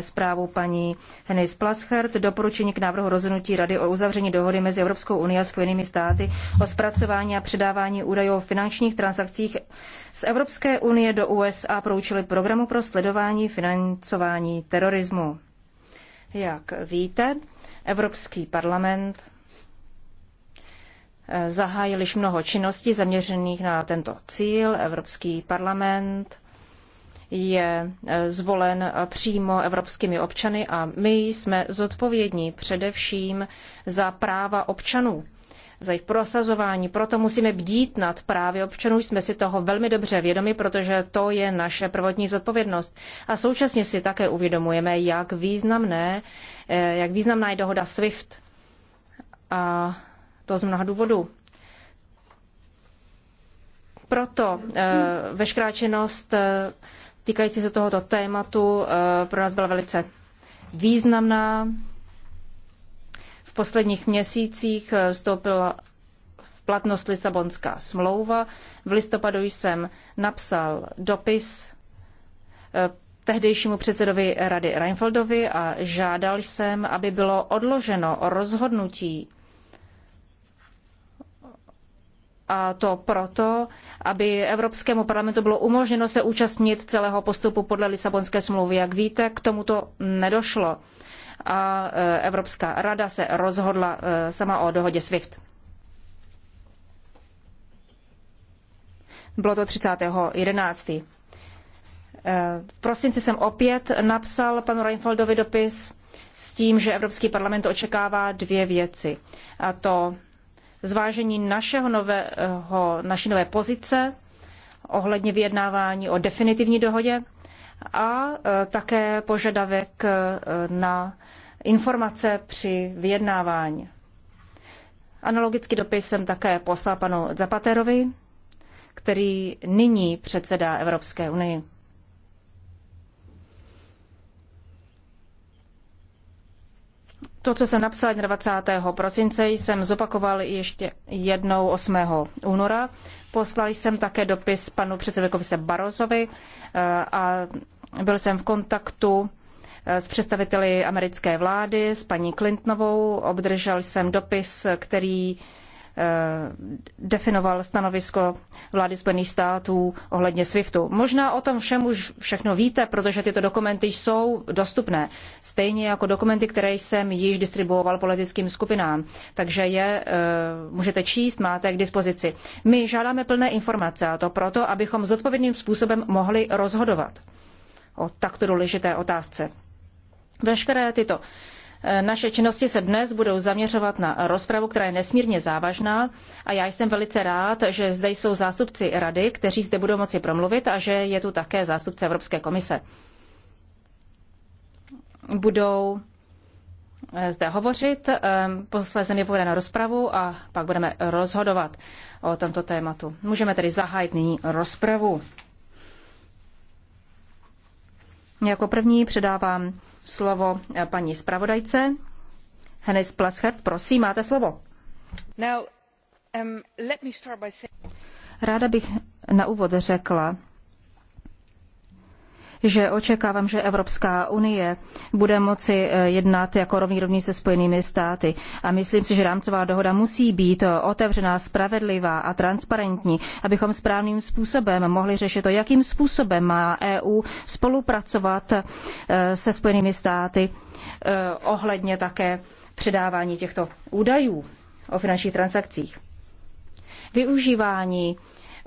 zprávu paní Hennis Plaschert, doporučení k návrhu rozhodnutí Rady o uzavření dohody mezi Evropskou unií a Spojenými státy o zpracování a předávání údajů o finančních transakcích z Evropské unie do USA pro účely programu pro sledování financování terorismu. Jak víte, Evropský parlament eh, zahájil již mnoho činností zaměřených na tento cíl. Evropský parlament je eh, zvolen eh, přímo evropskými občany a my jsme zodpovědní především za práva občanů za jejich prosazování. Proto musíme bdít nad právy občanů. Jsme si toho velmi dobře vědomi, protože to je naše prvotní zodpovědnost. A současně si také uvědomujeme, jak, významné, eh, jak významná je dohoda SWIFT. A to z mnoha důvodů. Proto e, veškerá činnost e, týkající se tohoto tématu eh, pro nás byla velice významná. V posledních měsících eh, vstoupila v platnost Lisabonská smlouva. V listopadu jsem napsal dopis eh, tehdejšímu předsedovi rady Reinfeldovi a žádal jsem, aby bylo odloženo rozhodnutí A to proto, aby Evropskému parlamentu bylo umožněno se účastnit celého postupu podle Lisabonské smlouvy. Jak víte, k tomuto nedošlo. A e, Evropská rada se rozhodla e, sama o dohodě SWIFT. Bylo to 30.11. E, v prosinci jsem opět napsal panu Reinfeldovi dopis s tím, že Evropský parlament očekává dvě věci. A to zvážení našeho nového, naší nové pozice ohledně vyjednávání o definitivní dohodě a e, také požadavek e, na informace při vyjednávání. Analogický dopis jsem také poslal panu Zapaterovi, který nyní předsedá Evropské unii. To, co jsem napsal 21. prosince, jsem zopakoval ještě jednou 8. února. Poslal jsem také dopis panu předsedovi komise Barozovi eh, a byl jsem v kontaktu eh, s představiteli americké vlády, s paní Clintonovou. Obdržel jsem dopis, který Eh, definoval stanovisko vlády Spojených států ohledně SWIFTu. Možná o tom všem už všechno víte, protože tyto dokumenty jsou dostupné, stejně jako dokumenty, které jsem již distribuoval politickým skupinám. Takže je eh, můžete číst, máte k dispozici. My žádáme plné informace a to proto, abychom zodpovědným způsobem mohli rozhodovat o takto důležité otázce. Veškeré tyto Eh, naše činnosti se dnes budou zaměřovat na rozpravu, která je nesmírně závažná a já jsem velice rád, že zde jsou zástupci rady, kteří zde budou moci promluvit a že je tu také zástupce Evropské komise. Budou eh, zde hovořit, eh, posléze mi povede na rozpravu a pak budeme rozhodovat o tomto tématu. Můžeme tedy zahájit nyní rozpravu. Jako první předávám slovo eh, paní zpravodajce. Hennis Plaschert, prosím, máte slovo. Now, um, let me start by saying... Ráda bych na úvod řekla, že očekávám, že Evropská unie bude moci eh, jednat jako rovný rovný se spojenými státy. A myslím si, že rámcová dohoda musí být eh, otevřená, spravedlivá a transparentní, abychom správným způsobem mohli řešit to, jakým způsobem má EU spolupracovat eh, se spojenými státy ohledně také předávání těchto údajů o finančních transakcích. Využívání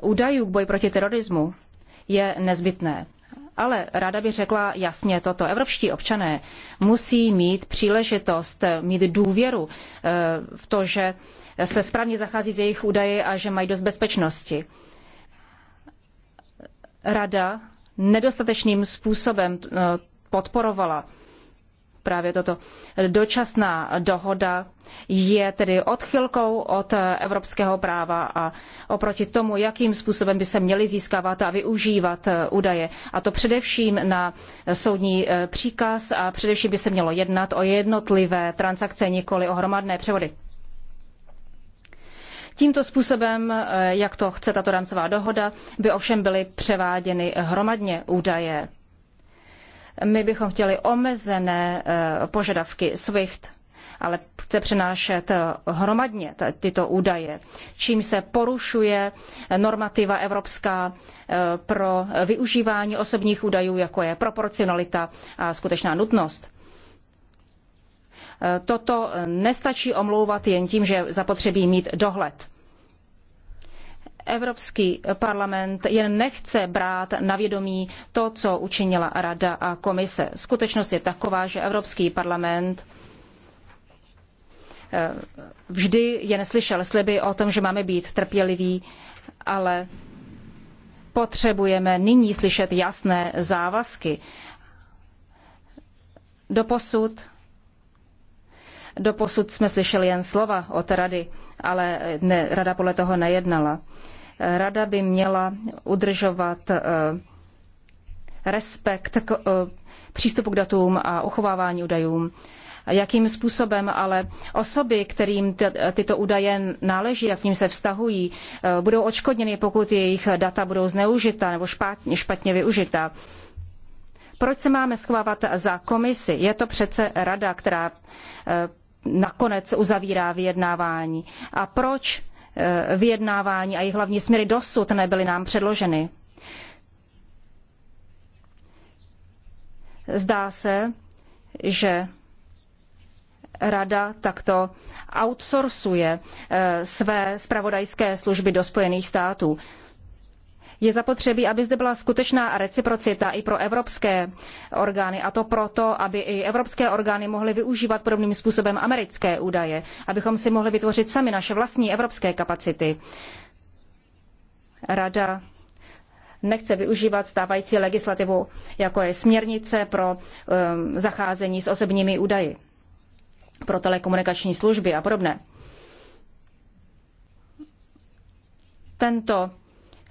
údajů k boji proti terorismu je nezbytné. Ale ráda bych řekla jasně toto. Evropští občané musí mít příležitost, eh, mít důvěru eh, v to, že se správně zachází z jejich údaje a že mají dost bezpečnosti. Rada nedostatečným způsobem eh, podporovala právě toto. Dočasná dohoda je tedy odchylkou od evropského práva a oproti tomu, jakým způsobem by se měly získávat a využívat eh, údaje. A to především na eh, soudní eh, příkaz a především by se mělo jednat o jednotlivé transakce, nikoli o hromadné převody. Tímto způsobem, jak to chce tato rancová dohoda, by ovšem byly převáděny hromadně údaje my bychom chtěli omezené eh, požadavky SWIFT, ale chce přenášet eh, hromadně tyto údaje, čím se porušuje normativa evropská eh, pro využívání osobních údajů, jako je proporcionalita a skutečná nutnost. Toto nestačí omlouvat jen tím, že zapotřebí mít dohled. Evropský parlament jen nechce brát na vědomí to, co učinila Rada a komise. Skutečnost je taková, že Evropský parlament eh, vždy jen slyšel sliby o tom, že máme být trpěliví, ale potřebujeme nyní slyšet jasné závazky. Doposud Doposud jsme slyšeli jen slova od rady, ale ne, rada podle toho nejednala. Rada by měla udržovat eh, respekt k eh, přístupu k datům a uchovávání údajů. Jakým způsobem ale osoby, kterým tyto údaje náleží, jak k ním se vztahují, eh, budou odškodněny, pokud jejich data budou zneužita nebo špatně, špatně využita. Proč se máme schovávat za komisi? Je to přece rada, která nakonec uzavírá vyjednávání. A proč Eh, vyjednávání a jejich hlavní směry dosud nebyly nám předloženy. Zdá se, že rada takto outsourcuje eh, své spravodajské služby do Spojených států je zapotřebí, aby zde byla skutečná reciprocita i pro evropské orgány, a to proto, aby i evropské orgány mohly využívat podobným způsobem americké údaje, abychom si mohli vytvořit sami naše vlastní evropské kapacity. Rada nechce využívat stávající legislativu, jako je směrnice pro um, zacházení s osobními údaji pro telekomunikační služby a podobné. Tento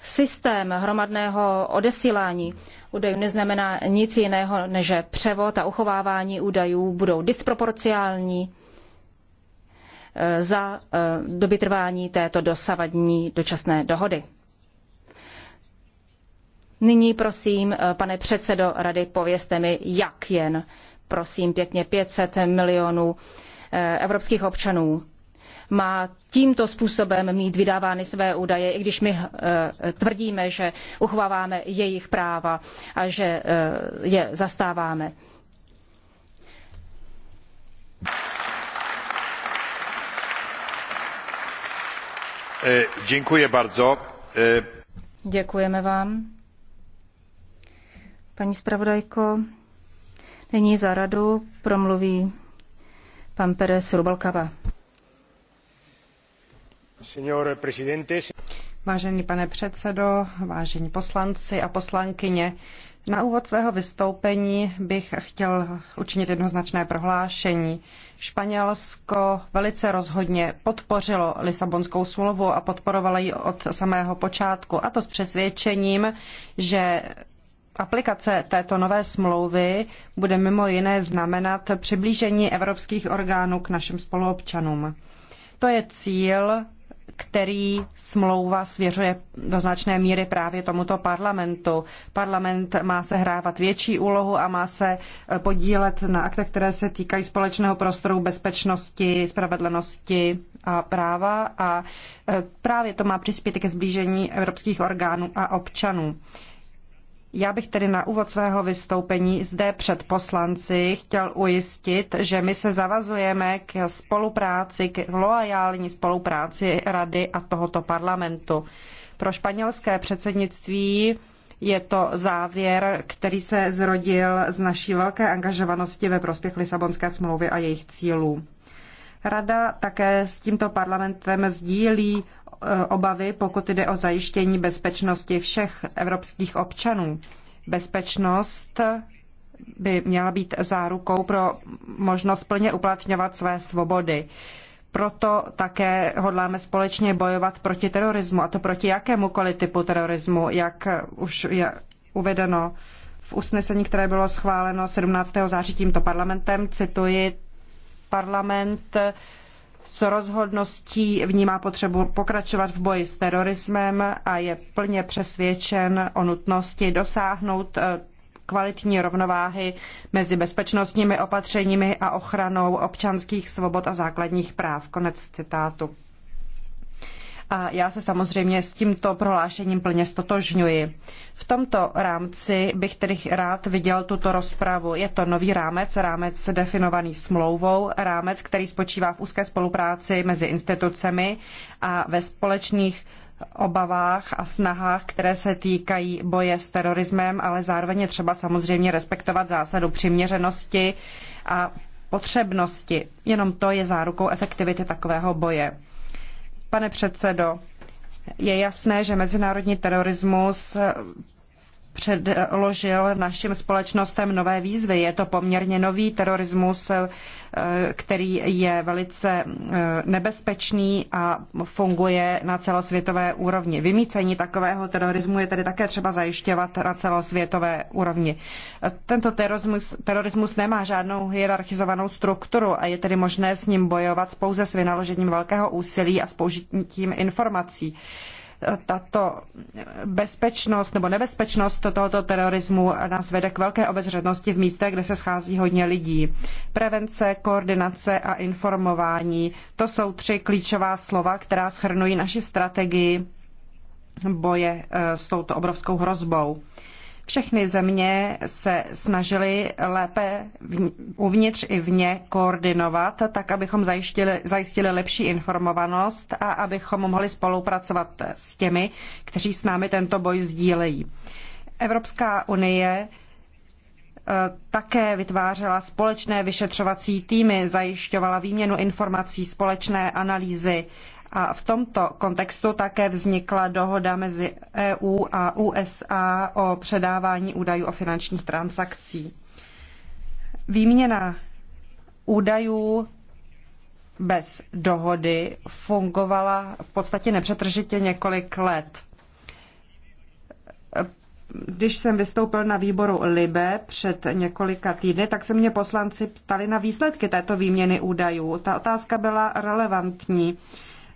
systém hromadného odesílání údajů neznamená nic jiného, než že převod a uchovávání údajů budou disproporciální eh, za eh, doby trvání této dosavadní dočasné dohody. Nyní prosím, eh, pane předsedo rady, povězte mi, jak jen, prosím pěkně, 500 milionů evropských občanů má tímto způsobem mít vydávány své údaje, i když my eh, tvrdíme, že uchováváme jejich práva a že eh, je zastáváme. Eh, Děkuji bardzo. Děkujeme vám. Paní zpravodajko, nyní za radu promluví pan Pérez Rubalcaba. Vážený pane předsedo, vážení poslanci a poslankyně, na úvod svého vystoupení bych chtěl učinit jednoznačné prohlášení. Španělsko velice rozhodně podpořilo Lisabonskou smlouvu a podporovalo ji od samého počátku, a to s přesvědčením, že aplikace této nové smlouvy bude mimo jiné znamenat přiblížení evropských orgánů k našim spoluobčanům. To je cíl, který smlouva svěřuje do značné míry právě tomuto parlamentu. Parlament má sehrávat větší úlohu a má se eh, podílet na aktech, které se týkají společného prostoru bezpečnosti, spravedlnosti a práva a eh, právě to má přispět ke zblížení evropských orgánů a občanů. Já bych tedy na úvod svého vystoupení zde před poslanci chtěl ujistit, že my se zavazujeme k spolupráci, k loajální spolupráci Rady a tohoto parlamentu. Pro španělské předsednictví je to závěr, který se zrodil z naší velké angažovanosti ve prospěch Lisabonské smlouvy a jejich cílů. Rada také s tímto parlamentem sdílí Eh, obavy, pokud jde o zajištění bezpečnosti všech evropských občanů. Bezpečnost by měla být zárukou pro možnost plně uplatňovat své svobody. Proto také hodláme společně bojovat proti terorismu, a to proti jakémukoliv typu terorismu, jak už je uvedeno v usnesení, které bylo schváleno 17. září tímto parlamentem. Cituji, parlament s rozhodností vnímá potřebu pokračovat v boji s terorismem a je plně přesvědčen o nutnosti dosáhnout eh, kvalitní rovnováhy mezi bezpečnostními opatřeními a ochranou občanských svobod a základních práv. Konec citátu a já se samozřejmě s tímto prohlášením plně stotožňuji. V tomto rámci bych tedy rád viděl tuto rozpravu. Je to nový rámec, rámec definovaný smlouvou, rámec, který spočívá v úzké spolupráci mezi institucemi a ve společných obavách a snahách, které se týkají boje s terorismem, ale zároveň je třeba samozřejmě respektovat zásadu přiměřenosti a potřebnosti. Jenom to je zárukou efektivity takového boje. Pane předsedo, je jasné, že mezinárodní terorismus předložil našim společnostem nové výzvy. Je to poměrně nový terorismus, eh, který je velice eh, nebezpečný a funguje na celosvětové úrovni. Vymícení takového terorismu je tedy také třeba zajišťovat na celosvětové úrovni. Tento terorismus, terorismus nemá žádnou hierarchizovanou strukturu a je tedy možné s ním bojovat pouze s vynaložením velkého úsilí a s použitím informací tato bezpečnost nebo nebezpečnost tohoto terorismu nás vede k velké obezřetnosti v místech, kde se schází hodně lidí. Prevence, koordinace a informování, to jsou tři klíčová slova, která schrnují naši strategii boje eh, s touto obrovskou hrozbou. Všechny země se snažily lépe uvnitř i vně koordinovat, tak abychom zajistili, zajistili lepší informovanost a abychom mohli spolupracovat s těmi, kteří s námi tento boj sdílejí. Evropská unie eh, také vytvářela společné vyšetřovací týmy, zajišťovala výměnu informací, společné analýzy a v tomto kontextu také vznikla dohoda mezi EU a USA o předávání údajů o finančních transakcích. Výměna údajů bez dohody fungovala v podstatě nepřetržitě několik let. Když jsem vystoupil na výboru LIBE před několika týdny, tak se mě poslanci ptali na výsledky této výměny údajů. Ta otázka byla relevantní.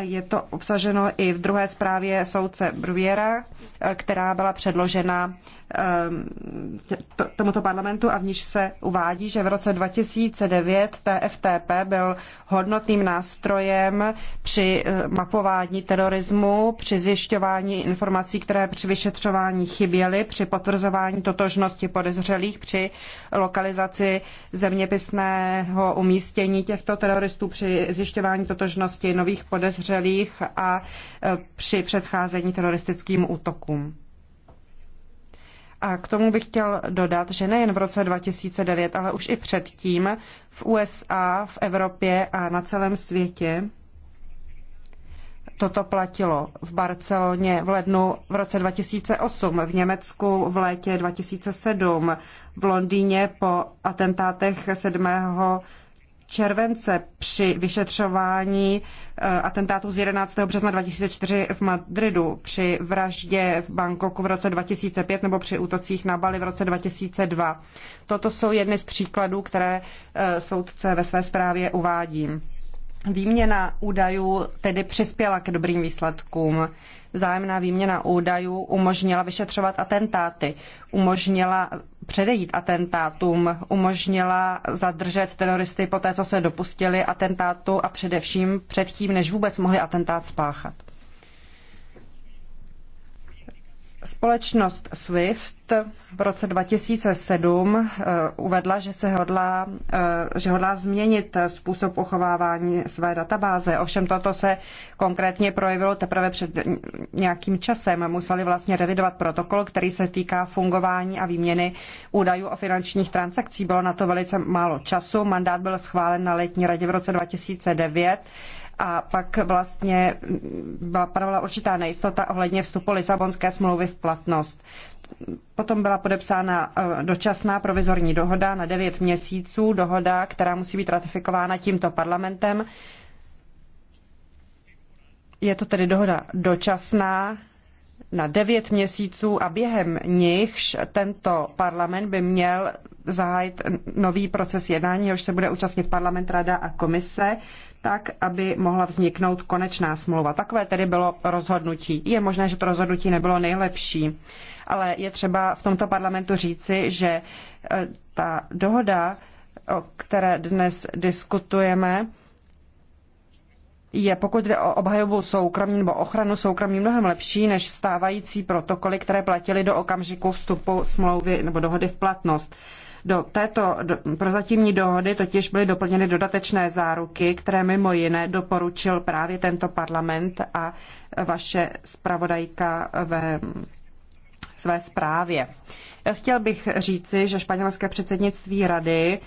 je to obsaženo i v druhé zprávě soudce Bruviera, která byla předložena ehm, tomuto parlamentu a v níž se uvádí, že v roce 2009 TFTP byl hodnotným nástrojem při eh, mapování terorismu, při zjišťování informací, které při vyšetřování chyběly, při potvrzování totožnosti podezřelých, při lokalizaci zeměpisného umístění těchto teroristů, při zjišťování totožnosti nových podezřelých podezřelých a e, při předcházení teroristickým útokům. A k tomu bych chtěl dodat, že nejen v roce 2009, ale už i předtím v USA, v Evropě a na celém světě toto platilo. V Barceloně v lednu v roce 2008, v Německu v létě 2007, v Londýně po atentátech 7 července při vyšetřování eh, atentátu z 11. března 2004 v Madridu, při vraždě v Bangkoku v roce 2005 nebo při útocích na Bali v roce 2002. Toto jsou jedny z příkladů, které eh, soudce ve své zprávě uvádí. Výměna údajů tedy přispěla k dobrým výsledkům. Vzájemná výměna údajů umožnila vyšetřovat atentáty, umožnila předejít atentátům, umožnila zadržet teroristy po té, co se dopustili atentátu a především předtím, než vůbec mohli atentát spáchat. Společnost SWIFT v roce 2007 eh, uvedla, že se hodlá, eh, že hodlá změnit způsob uchovávání své databáze. Ovšem toto se konkrétně projevilo teprve před nějakým časem. Museli vlastně revidovat protokol, který se týká fungování a výměny údajů o finančních transakcích. Bylo na to velice málo času. Mandát byl schválen na letní radě v roce 2009 a pak vlastně byla panovala určitá nejistota ohledně vstupu Lisabonské smlouvy v platnost. Potom byla podepsána eh, dočasná provizorní dohoda na 9 měsíců, dohoda, která musí být ratifikována tímto parlamentem. Je to tedy dohoda dočasná na 9 měsíců a během nichž tento parlament by měl zahájit nový proces jednání, jehož se bude účastnit parlament, rada a komise tak, aby mohla vzniknout konečná smlouva. Takové tedy bylo rozhodnutí. Je možné, že to rozhodnutí nebylo nejlepší, ale je třeba v tomto parlamentu říci, že e, ta dohoda, o které dnes diskutujeme, je, pokud jde o obhajovou soukromí nebo ochranu soukromí, mnohem lepší než stávající protokoly, které platily do okamžiku vstupu smlouvy nebo dohody v platnost. Do této prozatímní dohody totiž byly doplněny dodatečné záruky, které mimo jiné doporučil právě tento parlament a vaše zpravodajka ve své zprávě. Chtěl bych říci, že španělské předsednictví rady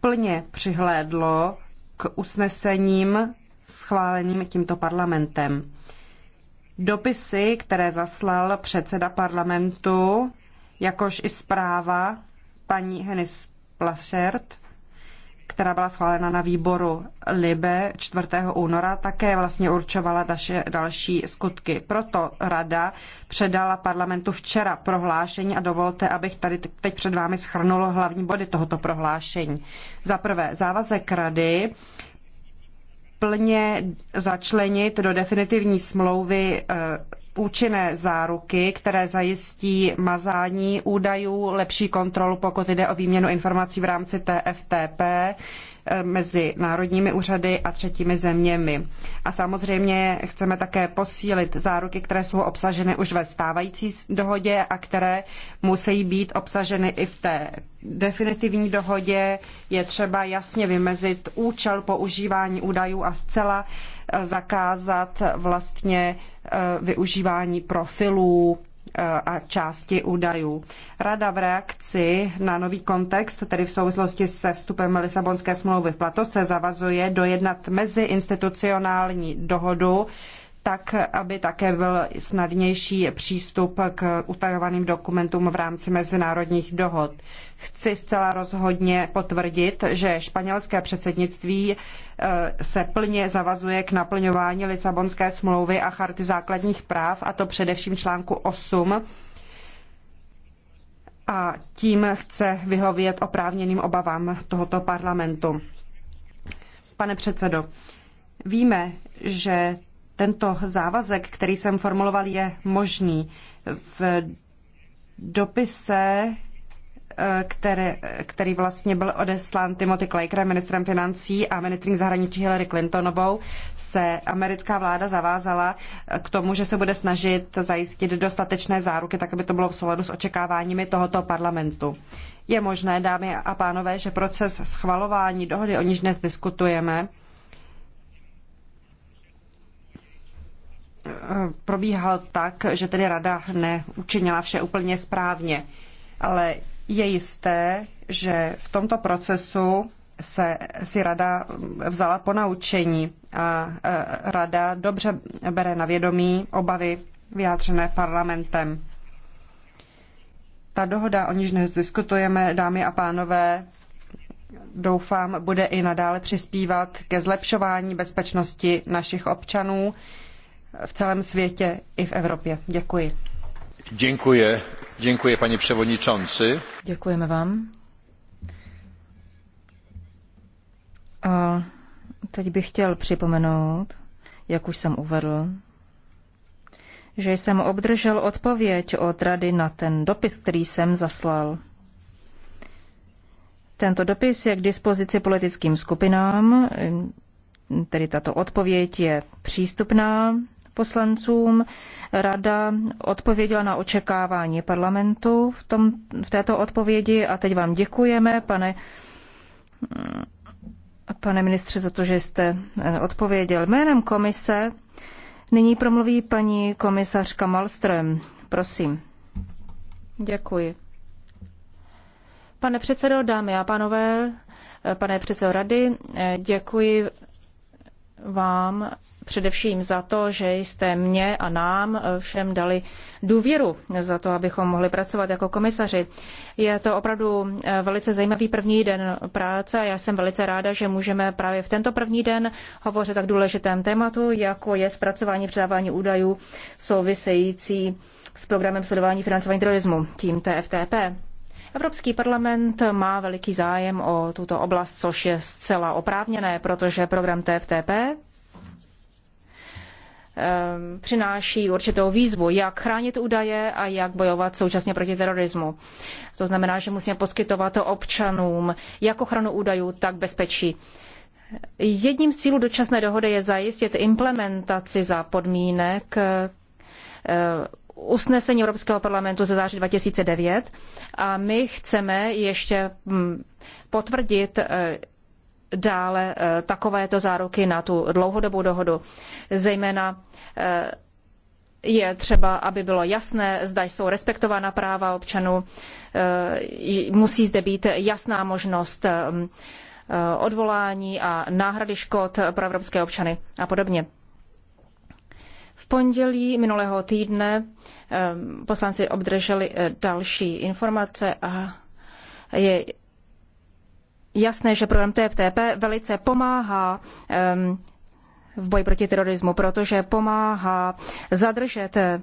plně přihlédlo k usnesením schváleným tímto parlamentem. Dopisy, které zaslal předseda parlamentu jakož i zpráva paní Henis Plašert, která byla schválena na výboru Libe 4. února, také vlastně určovala naše další skutky. Proto rada předala parlamentu včera prohlášení a dovolte, abych tady teď před vámi schrnul hlavní body tohoto prohlášení. Za prvé, závazek rady plně začlenit do definitivní smlouvy eh, účinné záruky, které zajistí mazání údajů, lepší kontrolu, pokud jde o výměnu informací v rámci TFTP eh, mezi národními úřady a třetími zeměmi. A samozřejmě chceme také posílit záruky, které jsou obsaženy už ve stávající dohodě a které musí být obsaženy i v té definitivní dohodě. Je třeba jasně vymezit účel používání údajů a zcela eh, zakázat vlastně Eh, využívání profilů eh, a části údajů. Rada v reakci na nový kontext, tedy v souvislosti se vstupem Lisabonské smlouvy v platost, se zavazuje dojednat meziinstitucionální dohodu tak aby také byl snadnější přístup k utajovaným dokumentům v rámci mezinárodních dohod. Chci zcela rozhodně potvrdit, že španělské předsednictví eh, se plně zavazuje k naplňování Lisabonské smlouvy a charty základních práv, a to především článku 8 a tím chce vyhovět oprávněným obavám tohoto parlamentu. Pane předsedo, víme, že tento závazek, který jsem formuloval, je možný. V dopise, eh, které, který vlastně byl odeslán Timothy Clayker, ministrem financí a ministrem zahraničí Hillary Clintonovou, se americká vláda zavázala eh, k tomu, že se bude snažit zajistit dostatečné záruky, tak aby to bylo v souladu s očekáváními tohoto parlamentu. Je možné, dámy a pánové, že proces schvalování dohody, o níž dnes diskutujeme, Eh, probíhal tak, že tedy rada neučinila vše úplně správně. Ale je jisté, že v tomto procesu se si rada vzala po naučení a eh, rada dobře bere na vědomí obavy vyjádřené parlamentem. Ta dohoda, o níž dnes diskutujeme, dámy a pánové, doufám, bude i nadále přispívat ke zlepšování bezpečnosti našich občanů v celém světě i v Evropě. Děkuji. Děkuji. Děkuji, paní převodničanci. Děkujeme vám. A teď bych chtěl připomenout, jak už jsem uvedl, že jsem obdržel odpověď od rady na ten dopis, který jsem zaslal. Tento dopis je k dispozici politickým skupinám, tedy tato odpověď je přístupná poslancům rada odpověděla na očekávání parlamentu v, tom, v této odpovědi a teď vám děkujeme, pane, pane ministře, za to, že jste odpověděl jménem komise. Nyní promluví paní komisařka Malström. Prosím. Děkuji. Pane předsedo, dámy a pánové, pane předsedo rady, děkuji vám především za to, že jste mě a nám všem dali důvěru za to, abychom mohli pracovat jako komisaři. Je to opravdu eh, velice zajímavý první den práce a já jsem velice ráda, že můžeme právě v tento první den hovořit tak důležitém tématu, jako je zpracování předávání údajů související s programem sledování financování terorismu, tím TFTP. Evropský parlament má veliký zájem o tuto oblast, což je zcela oprávněné, protože program TFTP Ehm, přináší určitou výzvu, jak chránit údaje a jak bojovat současně proti terorismu. To znamená, že musíme poskytovat to občanům jak ochranu údajů, tak bezpečí. Jedním z cílů dočasné dohody je zajistit implementaci za podmínek eh, usnesení Evropského parlamentu ze září 2009 a my chceme ještě hm, potvrdit eh, dále eh, takovéto záruky na tu dlouhodobou dohodu. Zejména eh, je třeba, aby bylo jasné, zda jsou respektována práva občanů. Eh, musí zde být jasná možnost odvolání a náhrady škod pro evropské občany a podobně. V pondělí minulého týdne poslanci obdrželi další informace a je jasné, že program TFTP velice pomáhá v boji proti terorismu, protože pomáhá zadržet eh,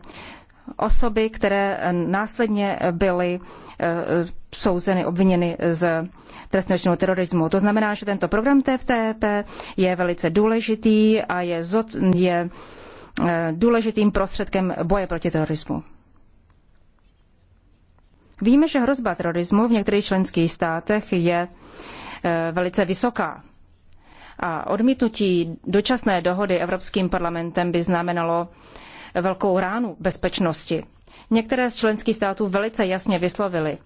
osoby, které eh, následně byly eh, souzeny, obviněny z trestného činu terorismu. To znamená, že tento program TFTP je velice důležitý a je, zod, je důležitým prostředkem boje proti terorismu. Víme, že hrozba terorismu v některých členských státech je E, velice vysoká. A odmítnutí dočasné dohody Evropským parlamentem by znamenalo velkou ránu bezpečnosti. Některé z členských států velice jasně vyslovily,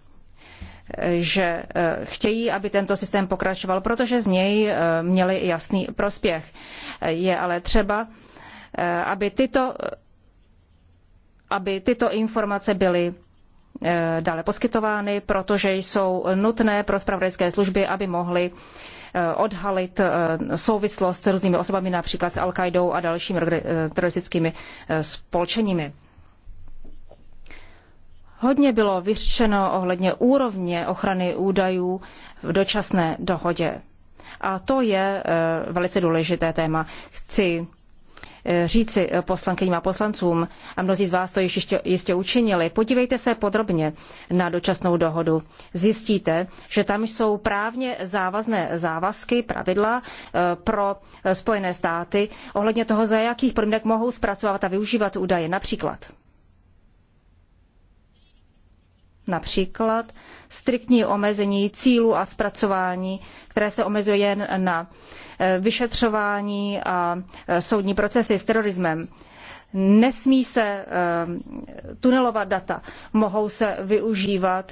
e, že e, chtějí, aby tento systém pokračoval, protože z něj měli jasný prospěch. Je ale třeba, aby tyto, aby tyto informace byly Eh, dále poskytovány, protože jsou nutné pro spravodajské služby, aby mohly eh, odhalit eh, souvislost s různými osobami, například s al qaidou a dalšími teroristickými spolčeními. Hodně bylo vyřčeno ohledně úrovně ochrany údajů v dočasné dohodě. A to je velice důležité téma. Chci Eh, říci eh, poslankyním a poslancům, a mnozí z vás to již jistě, jistě učinili, podívejte se podrobně na dočasnou dohodu. Zjistíte, že tam jsou právně závazné závazky, pravidla eh, pro Spojené státy ohledně toho, za jakých podmínek mohou zpracovat a využívat údaje. Například například striktní omezení cílů a zpracování, které se omezuje jen na Eh, vyšetřování a eh, soudní procesy s terorismem. Nesmí se eh, tunelovat data, mohou se využívat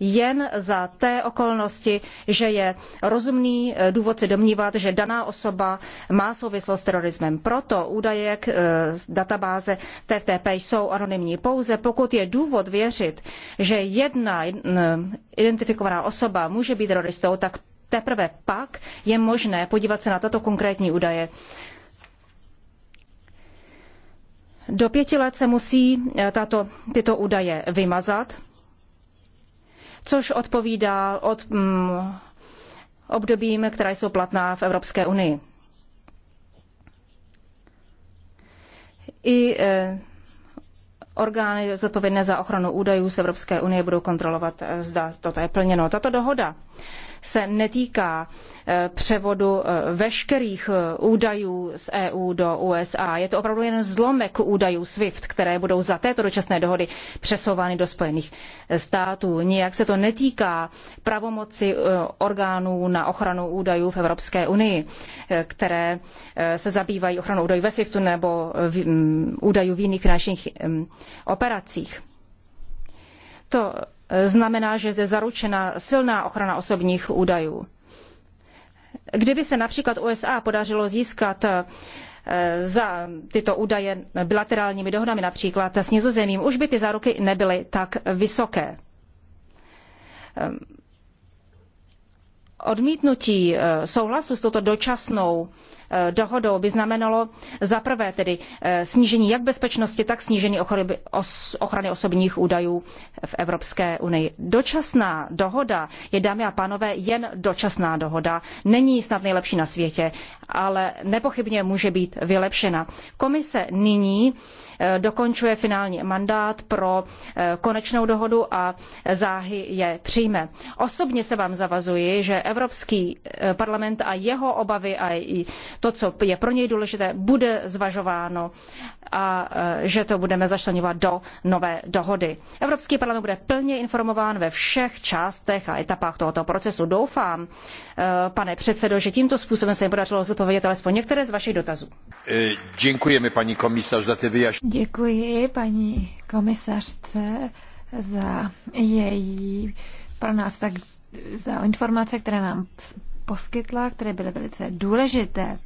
jen za té okolnosti, že je rozumný důvod se domnívat, že daná osoba má souvislost s terorismem. Proto údaje z databáze TFTP jsou anonymní pouze, pokud je důvod věřit, že jedna identifikovaná osoba může být teroristou, tak teprve pak je možné podívat se na tato konkrétní údaje. Do pěti let se musí eh, tato, tyto údaje vymazat, což odpovídá od mm, obdobím, která jsou platná v Evropské unii. I e, orgány zodpovědné za ochranu údajů z Evropské unie budou kontrolovat, eh, zda toto je plněno. Tato dohoda se netýká eh, převodu eh, veškerých eh, údajů z EU do USA. Je to opravdu jen zlomek údajů SWIFT, které budou za této dočasné dohody přesouvány do Spojených států. Nijak se to netýká pravomoci orgánů na ochranu údajů v Evropské unii, které se zabývají ochranou údajů ve SWIFTu nebo mm, údajů v jiných finančních mm, operacích. To eh, znamená, že je zde zaručena silná ochrana osobních údajů. Kdyby se například USA podařilo získat eh, za tyto údaje bilaterálními dohodami například s nizozemím, už by ty záruky nebyly tak vysoké. Ehm, odmítnutí eh, souhlasu s touto dočasnou Eh, dohodou by znamenalo za prvé tedy eh, snížení jak bezpečnosti, tak snížení ochrany osobních údajů v Evropské unii. Dočasná dohoda je, dámy a pánové, jen dočasná dohoda. Není snad nejlepší na světě, ale nepochybně může být vylepšena. Komise nyní eh, dokončuje finální mandát pro konečnou dohodu a záhy je přijme. Osobně se vám zavazuji, že Evropský parlament a jeho obavy a to, co je pro něj důležité, bude zvažováno a e, že to budeme začlenovat do nové dohody. Evropský parlament bude plně informován ve všech částech a etapách tohoto procesu. Doufám, e, pane předsedo, že tímto způsobem se mi podařilo zodpovědět alespoň některé z vašich dotazů. E, děkujeme, paní komisař, za ty vyjaš... Děkuji, paní komisařce, za její pro nás tak za informace, které nám poskytla, které byly velice důležité.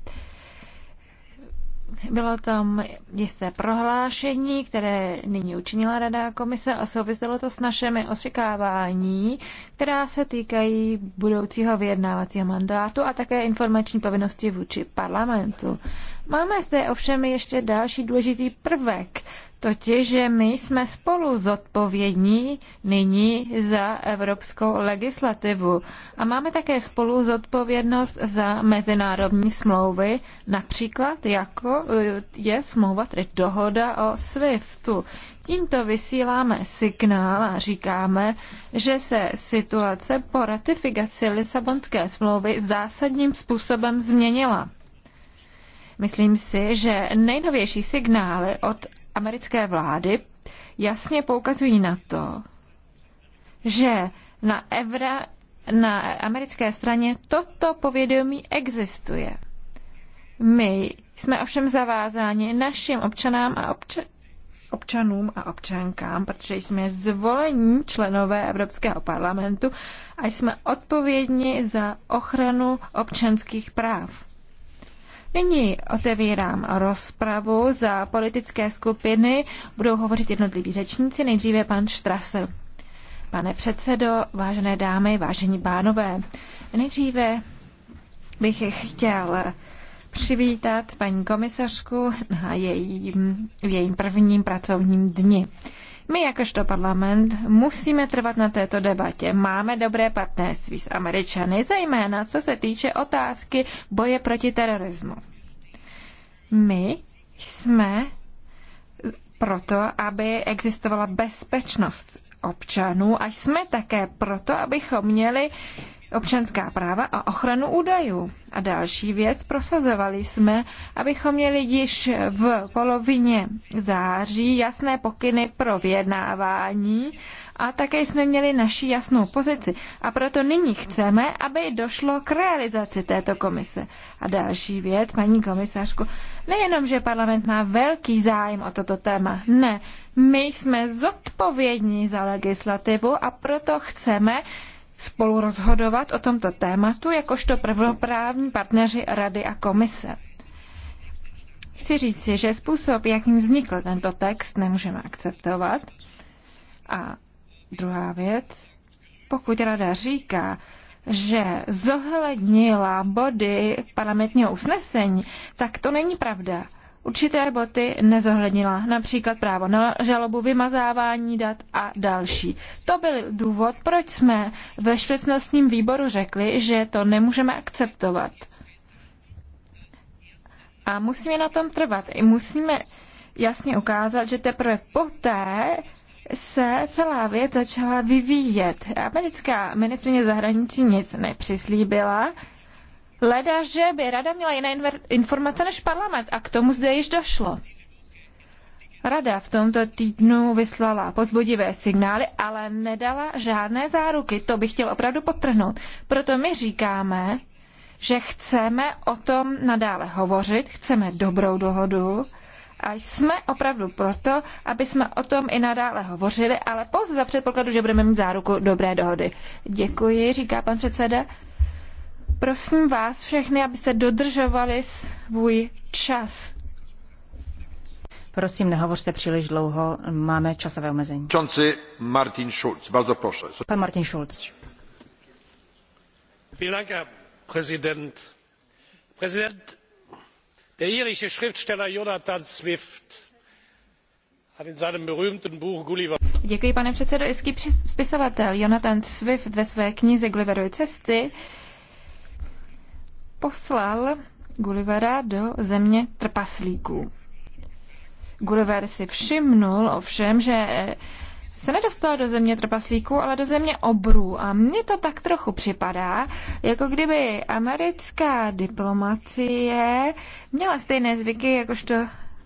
Bylo tam jisté prohlášení, které nyní učinila Rada komise a souviselo to s našimi očekávání, která se týkají budoucího vyjednávacího mandátu a také informační povinnosti vůči parlamentu. Máme zde ovšem ještě další důležitý prvek, totiž, že my jsme spolu zodpovědní nyní za evropskou legislativu a máme také spolu zodpovědnost za mezinárodní smlouvy, například jako eh, je smlouva, tedy dohoda o SWIFTu. Tímto vysíláme signál a říkáme, že se situace po ratifikaci Lisabonské smlouvy zásadním způsobem změnila. Myslím si, že nejnovější signály od americké vlády jasně poukazují na to, že na, evra, na americké straně toto povědomí existuje. My jsme ovšem zavázáni našim občanám a obča- občanům a občankám, protože jsme zvolení členové Evropského parlamentu a jsme odpovědní za ochranu občanských práv. Nyní otevírám rozpravu za politické skupiny. Budou hovořit jednotliví řečníci, nejdříve pan Strasser. Pane předsedo, vážené dámy, vážení pánové, nejdříve bych chtěl přivítat paní komisařku na její, v jejím prvním pracovním dni. My jakožto parlament musíme trvat na této debatě. Máme dobré partnerství s Američany, zejména co se týče otázky boje proti terorismu. My jsme proto, aby existovala bezpečnost občanů a jsme také proto, abychom měli občanská práva a ochranu údajů. A další věc, prosazovali jsme, abychom měli již v polovině září jasné pokyny pro vyjednávání a také jsme měli naši jasnou pozici. A proto nyní chceme, aby došlo k realizaci této komise. A další věc, paní komisařku, nejenom, že parlament má velký zájem o toto téma, ne, my jsme zodpovědní za legislativu a proto chceme, spolu rozhodovat o tomto tématu, jakožto prvoprávní partneři Rady a Komise. Chci říci, že způsob, jakým vznikl tento text, nemůžeme akceptovat. A druhá věc, pokud Rada říká, že zohlednila body parlamentního usnesení, tak to není pravda určité boty nezohlednila, například právo na žalobu, vymazávání dat a další. To byl důvod, proč jsme ve švecnostním výboru řekli, že to nemůžeme akceptovat. A musíme na tom trvat. I musíme jasně ukázat, že teprve poté se celá věc začala vyvíjet. Americká ministrině zahraničí nic nepřislíbila, Leda, že by rada měla jiné informace než parlament a k tomu zde již došlo. Rada v tomto týdnu vyslala pozbudivé signály, ale nedala žádné záruky. To bych chtěl opravdu podtrhnout. Proto my říkáme, že chceme o tom nadále hovořit, chceme dobrou dohodu a jsme opravdu proto, aby jsme o tom i nadále hovořili, ale pouze za předpokladu, že budeme mít záruku dobré dohody. Děkuji, říká pan předseda. Prosím vás všechny, abyste dodržovali svůj čas. Prosím, nehovořte příliš dlouho, máme časové omezení. Martin Schulz, bardzo proszę. Pan Martin Schulz. Prezident. Prezident, der irische Schriftsteller Jonathan Swift hat in seinem berühmten Buch Gulliver Děkuji, pane předsedo. Irský spisovatel Jonathan Swift ve své knize Gulliverovy cesty poslal Gullivera do země trpaslíků. Gulliver si všimnul ovšem, že eh, se nedostal do země trpaslíků, ale do země obrů. A mně to tak trochu připadá, jako kdyby americká diplomacie měla stejné zvyky, jakožto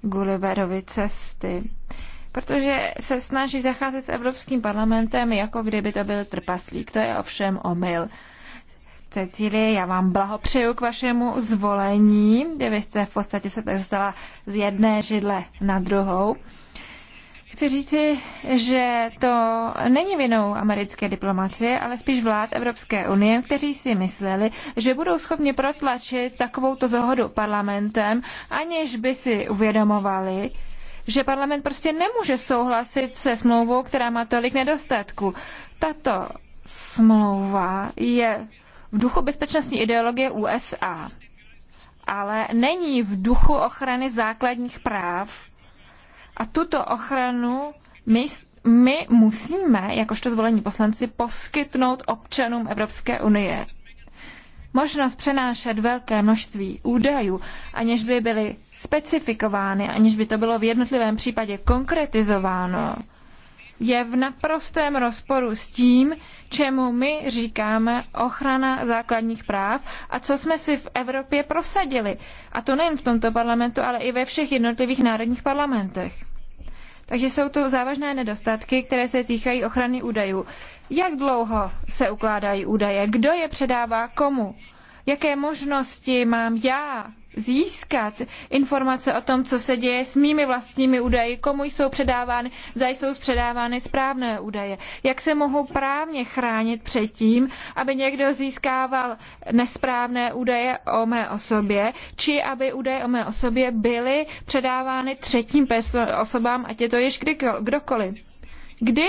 Gulliverovy cesty. Protože se snaží zacházet s Evropským parlamentem, jako kdyby to byl trpaslík. To je ovšem omyl. Cecílie, já vám blahopřeju k vašemu zvolení, kde vy jste v podstatě se dostala z jedné židle na druhou. Chci říci, že to není vinou americké diplomacie, ale spíš vlád Evropské unie, kteří si mysleli, že budou schopni protlačit takovouto zohodu parlamentem, aniž by si uvědomovali, že parlament prostě nemůže souhlasit se smlouvou, která má tolik nedostatků. Tato smlouva je v duchu bezpečnostní ideologie USA, ale není v duchu ochrany základních práv. A tuto ochranu my, my musíme, jakožto zvolení poslanci, poskytnout občanům Evropské unie. Možnost přenášet velké množství údajů, aniž by byly specifikovány, aniž by to bylo v jednotlivém případě konkretizováno, je v naprostém rozporu s tím, čemu my říkáme ochrana základních práv a co jsme si v Evropě prosadili. A to nejen v tomto parlamentu, ale i ve všech jednotlivých národních parlamentech. Takže jsou to závažné nedostatky, které se týkají ochrany údajů. Jak dlouho se ukládají údaje? Kdo je předává komu? Jaké možnosti mám já získat informace o tom, co se děje s mými vlastními údaji, komu jsou předávány, zda jsou předávány správné údaje, jak se mohou právně chránit před tím, aby někdo získával nesprávné údaje o mé osobě, či aby údaje o mé osobě byly předávány třetím osobám, ať je to již kdy, kdokoliv. Kdy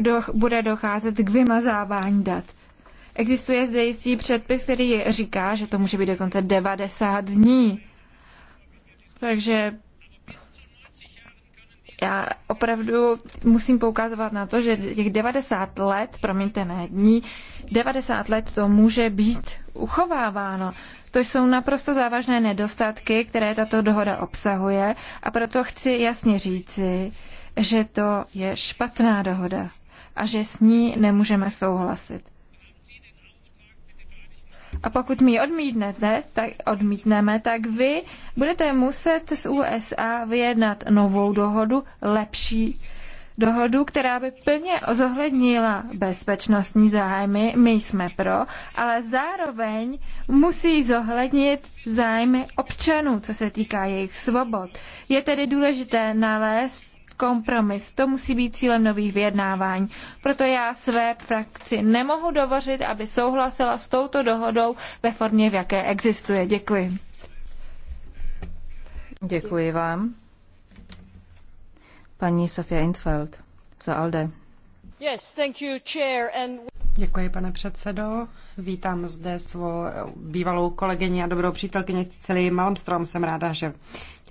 do, bude docházet k vymazávání dat? Existuje zde jistý předpis, který říká, že to může být dokonce 90 dní. Takže já opravdu musím poukazovat na to, že těch 90 let, promiňte, ne dní, 90 let to může být uchováváno. To jsou naprosto závažné nedostatky, které tato dohoda obsahuje a proto chci jasně říci, že to je špatná dohoda a že s ní nemůžeme souhlasit. A pokud mi ji odmítnete, tak odmítneme, tak vy budete muset s USA vyjednat novou dohodu, lepší dohodu, která by plně zohlednila bezpečnostní zájmy, my jsme pro, ale zároveň musí zohlednit zájmy občanů, co se týká jejich svobod. Je tedy důležité nalézt kompromis. To musí být cílem nových vyjednávání. Proto já své frakci nemohu dovořit, aby souhlasila s touto dohodou ve formě, v jaké existuje. Děkuji. Děkuji vám. Paní Sofia Intfeld za ALDE. Yes, thank you, chair, and... Děkuji, pane předsedo. Vítám zde svou bývalou kolegyni a dobrou přítelkyni Cecily Malmstrom. Jsem ráda, že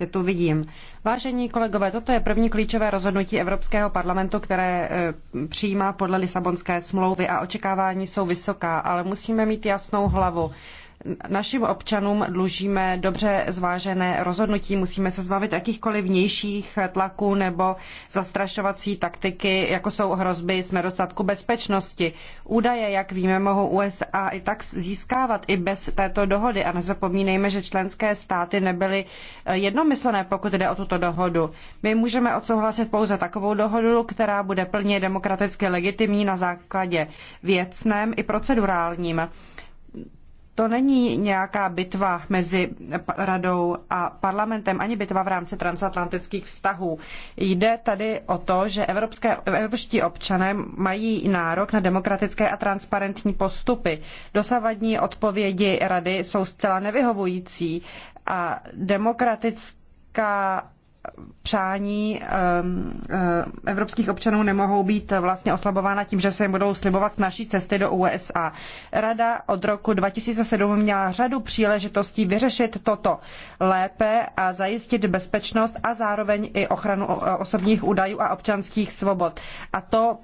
tě prostě tu vidím. Vážení kolegové, toto je první klíčové rozhodnutí Evropského parlamentu, které e, přijímá podle Lisabonské smlouvy a očekávání jsou vysoká, ale musíme mít jasnou hlavu. Našim občanům dlužíme dobře zvážené rozhodnutí. Musíme se zbavit jakýchkoliv vnějších tlaků nebo zastrašovací taktiky, jako jsou hrozby z nedostatku bezpečnosti. Údaje, jak víme, mohou USA i tak získávat i bez této dohody. A nezapomínejme, že členské státy nebyly eh, jednomyslné, pokud jde o tuto dohodu. My můžeme odsouhlasit pouze takovou dohodu, která bude plně demokraticky legitimní na základě věcném i procedurálním. To není nějaká bitva mezi radou a parlamentem, ani bitva v rámci transatlantických vztahů. Jde tady o to, že evropské, evropští občané mají nárok na demokratické a transparentní postupy. Dosavadní odpovědi rady jsou zcela nevyhovující a demokratická přání ehm, ehm, evropských občanů nemohou být vlastně oslabována tím, že se jim budou slibovat naší cesty do USA. Rada od roku 2007 měla řadu příležitostí vyřešit toto lépe a zajistit bezpečnost a zároveň i ochranu osobních údajů a občanských svobod. A to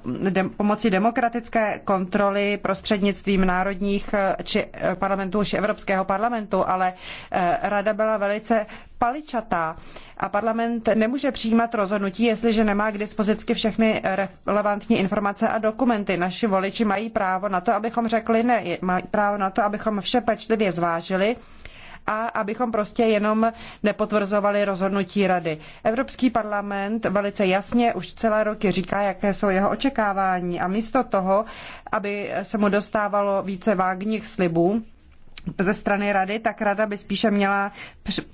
pomocí demokratické kontroly prostřednictvím národních eh, či eh, parlamentů či Evropského parlamentu, ale eh, rada byla velice paličatá a parlament nemůže přijímat rozhodnutí, jestliže nemá k dispozici všechny relevantní informace a dokumenty. Naši voliči mají právo na to, abychom řekli ne, mají právo na to, abychom vše pečlivě zvážili a abychom prostě jenom nepotvrzovali rozhodnutí rady. Evropský parlament velice jasně už celé roky říká, jaké jsou jeho očekávání a místo toho, aby se mu dostávalo více vágních slibů, ze strany rady, tak rada by spíše měla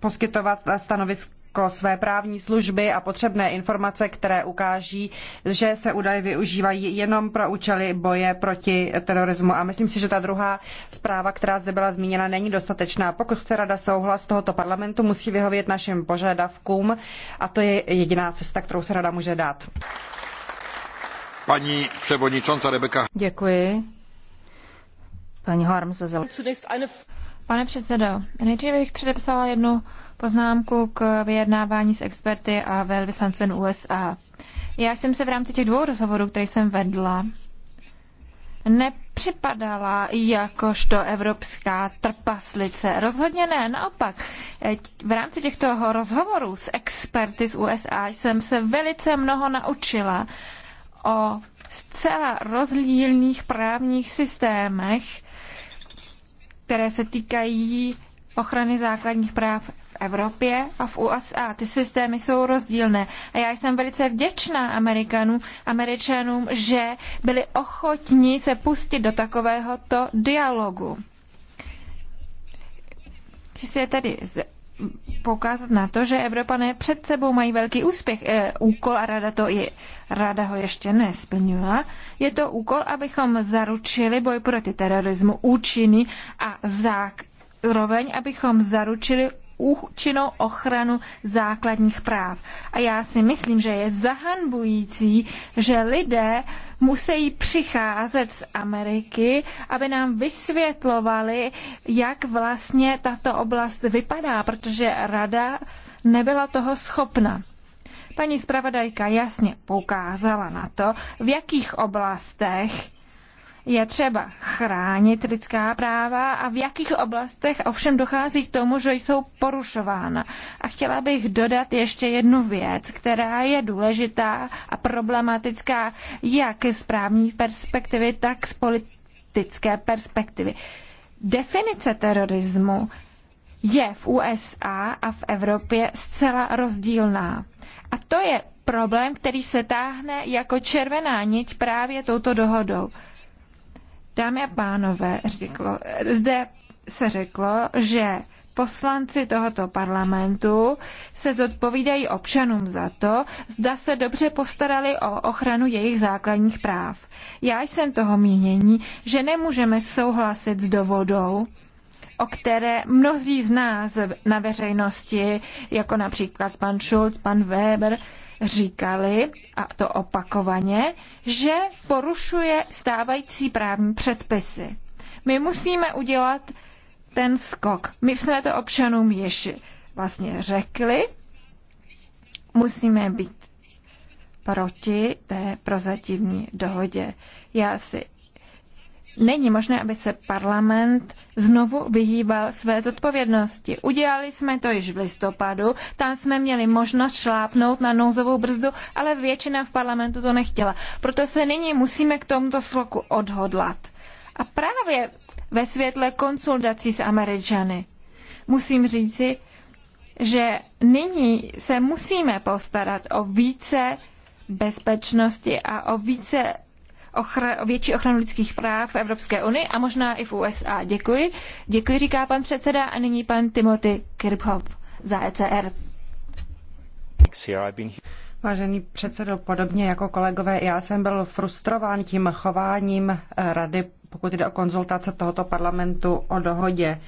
poskytovat stanovisko své právní služby a potřebné informace, které ukáží, že se údaje využívají jenom pro účely boje proti terorismu. A myslím si, že ta druhá zpráva, která zde byla zmíněna, není dostatečná. Pokud chce Rada souhlas tohoto parlamentu, musí vyhovět našim požadavkům a to je jediná cesta, kterou se Rada může dát. Paní Rebeka. Děkuji. Paní Harms Pane předsedo, nejdříve bych předepsala jednu poznámku k vyjednávání s experty a velvyslancem USA. Já jsem se v rámci těch dvou rozhovorů, které jsem vedla, nepřipadala jakožto evropská trpaslice. Rozhodně ne, naopak. V rámci těchto rozhovorů s experty z USA jsem se velice mnoho naučila o zcela rozdílných právních systémech, které se týkají ochrany základních práv v Evropě a v USA. Ty systémy jsou rozdílné. A já jsem velice vděčná Amerikanům, Američanům, že byli ochotní se pustit do takovéhoto dialogu. Když se tady poukázat na to, že Evropané před sebou mají velký úspěch. E, úkol a rada to je, rada ho ještě nesplnila. Je to úkol, abychom zaručili boj proti terorismu účinný a zároveň, abychom zaručili účinnou ochranu základních práv. A já si myslím, že je zahanbující, že lidé musí přicházet z Ameriky, aby nám vysvětlovali, jak vlastně tato oblast vypadá, protože rada nebyla toho schopna. Paní zpravodajka jasně poukázala na to, v jakých oblastech je třeba chránit lidská práva a v jakých oblastech ovšem dochází k tomu, že jsou porušována. A chtěla bych dodat ještě jednu věc, která je důležitá a problematická jak z právní perspektivy, tak z politické perspektivy. Definice terorismu je v USA a v Evropě zcela rozdílná. A to je problém, který se táhne jako červená niť právě touto dohodou. Dámy a pánové, řeklo, zde se řeklo, že poslanci tohoto parlamentu se zodpovídají občanům za to, zda se dobře postarali o ochranu jejich základních práv. Já jsem toho mínění, že nemůžeme souhlasit s dovodou, o které mnozí z nás na veřejnosti, jako například pan Schulz, pan Weber, říkali, a to opakovaně, že porušuje stávající právní předpisy. My musíme udělat ten skok. My jsme to občanům již vlastně řekli. Musíme být proti té prozativní dohodě. Já si Není možné, aby se parlament znovu vyhýbal své zodpovědnosti. Udělali jsme to již v listopadu, tam jsme měli možnost šlápnout na nouzovou brzdu, ale většina v parlamentu to nechtěla. Proto se nyní musíme k tomuto sloku odhodlat. A právě ve světle konsultací s Američany musím říci, že nyní se musíme postarat o více bezpečnosti a o více větší ochranu lidských práv v Evropské unii a možná i v USA. Děkuji. Děkuji, říká pan předseda a nyní pan Timothy Kirchhoff za ECR. Vážený předsedo, podobně jako kolegové, já jsem byl frustrován tím chováním eh, rady, pokud jde o konzultace tohoto parlamentu o dohodě.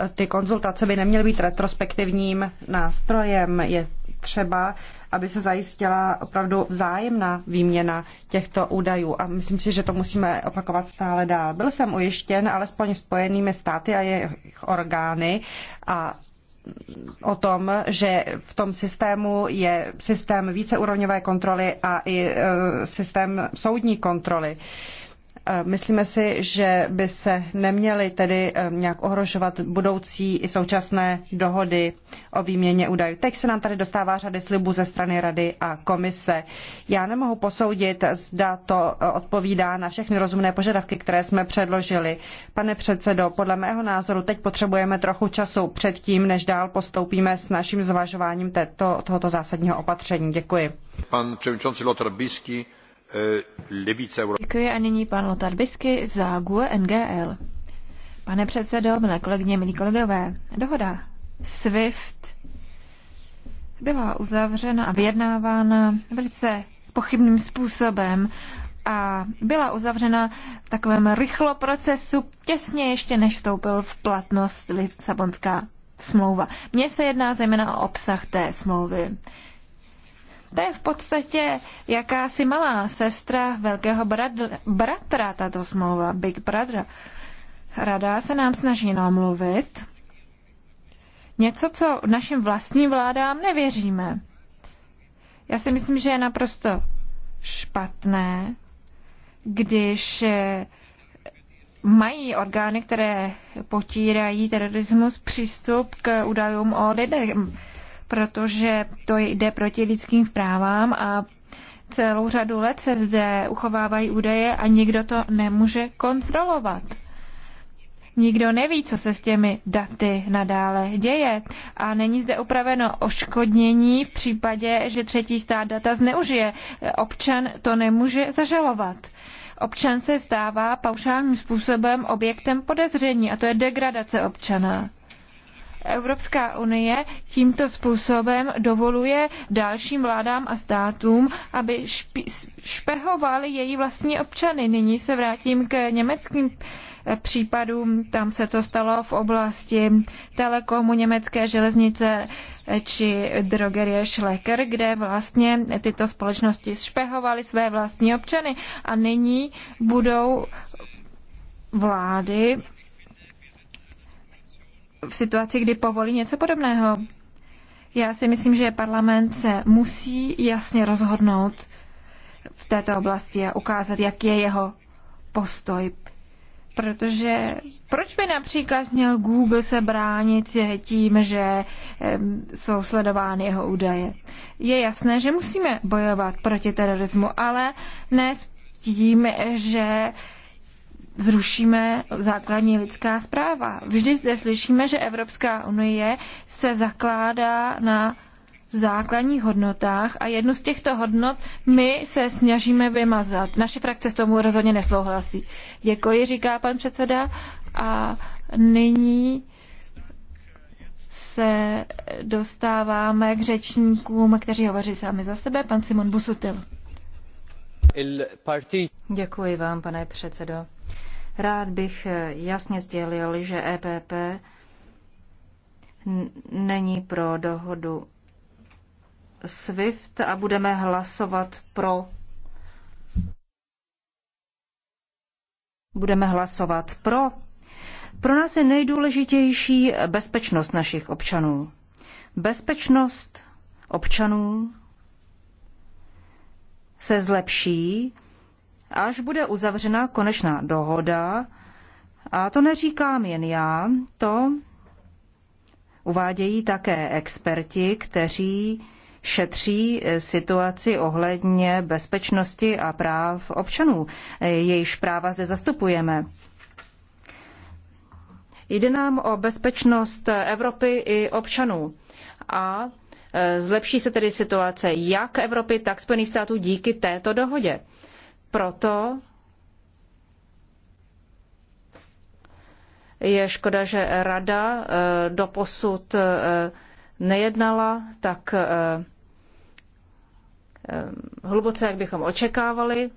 Eh, ty konzultace by neměly být retrospektivním nástrojem. Je třeba, aby se zajistila opravdu vzájemná výměna těchto údajů. A myslím si, že to musíme opakovat stále dál. Byl jsem ujištěn alespoň spojenými státy a jejich orgány a o tom, že v tom systému je systém víceúrovňové kontroly a i e, systém soudní kontroly. Eh, myslíme si, že by se neměly tedy eh, nějak ohrožovat budoucí i současné dohody o výměně údajů. Teď se nám tady dostává řady slibů ze strany Rady a komise. Já nemohu posoudit, zda to eh, odpovídá na všechny rozumné požadavky, které jsme předložili. Pane předsedo, podle mého názoru teď potřebujeme trochu času předtím, než dál postoupíme s naším zvažováním této, tohoto zásadního opatření. Děkuji. Pan předsedající Lothar Bisky Levice Euro... Děkuji a nyní pan Bisky za GUE NGL. Pane předsedo, milé kolegyně, milí kolegové, dohoda SWIFT byla uzavřena a vyjednávána velice pochybným způsobem a byla uzavřena v takovém rychlo procesu, těsně ještě než vstoupil v platnost Lisabonská smlouva. Mně se jedná zejména o obsah té smlouvy. To je v podstatě jakási malá sestra velkého bratra, tato smlouva, Big Brother. Rada se nám snaží namluvit něco, co našim vlastním vládám nevěříme. Já si myslím, že je naprosto špatné, když eh, mají orgány, které potírají terorismus, přístup k údajům o lidech protože to jde proti lidským právám a celou řadu let se zde uchovávají údaje a nikdo to nemůže kontrolovat. Nikdo neví, co se s těmi daty nadále děje a není zde upraveno oškodnění v případě, že třetí stát data zneužije. Občan to nemůže zažalovat. Občan se stává paušálním způsobem objektem podezření a to je degradace občana. Evropská unie tímto způsobem dovoluje dalším vládám a státům, aby špehovali její vlastní občany. Nyní se vrátím k německým eh, případům. Tam se to stalo v oblasti telekomu, německé železnice eh, či drogerie Schlecker, kde vlastně tyto společnosti špehovaly své vlastní občany a nyní budou vlády v situaci, kdy povolí něco podobného. Já si myslím, že parlament se musí jasně rozhodnout v této oblasti a ukázat, jak je jeho postoj. Protože proč by například měl Google se bránit tím, že jsou sledovány jeho údaje? Je jasné, že musíme bojovat proti terorismu, ale ne s tím, že zrušíme základní lidská zpráva. Vždy zde slyšíme, že Evropská unie se zakládá na základních hodnotách a jednu z těchto hodnot my se snažíme vymazat. Naše frakce s tomu rozhodně nesouhlasí. Děkuji, říká pan předseda. A nyní se dostáváme k řečníkům, kteří hovoří sami za sebe. Pan Simon Busutil. Děkuji vám, pane předsedo. Rád bych eh, jasně sdělil, že EPP není pro dohodu SWIFT a budeme hlasovat pro. Budeme hlasovat pro. Pro nás je nejdůležitější bezpečnost našich občanů. Bezpečnost občanů se zlepší, až bude uzavřena konečná dohoda. A to neříkám jen já, to uvádějí také experti, kteří šetří situaci ohledně bezpečnosti a práv občanů, jejichž práva zde zastupujeme. Jde nám o bezpečnost Evropy i občanů. A e, zlepší se tedy situace jak Evropy, tak Spojených států díky této dohodě. Proto je škoda, že Rada eh, doposud eh, nejednala tak eh, hluboce, jak bychom očekávali.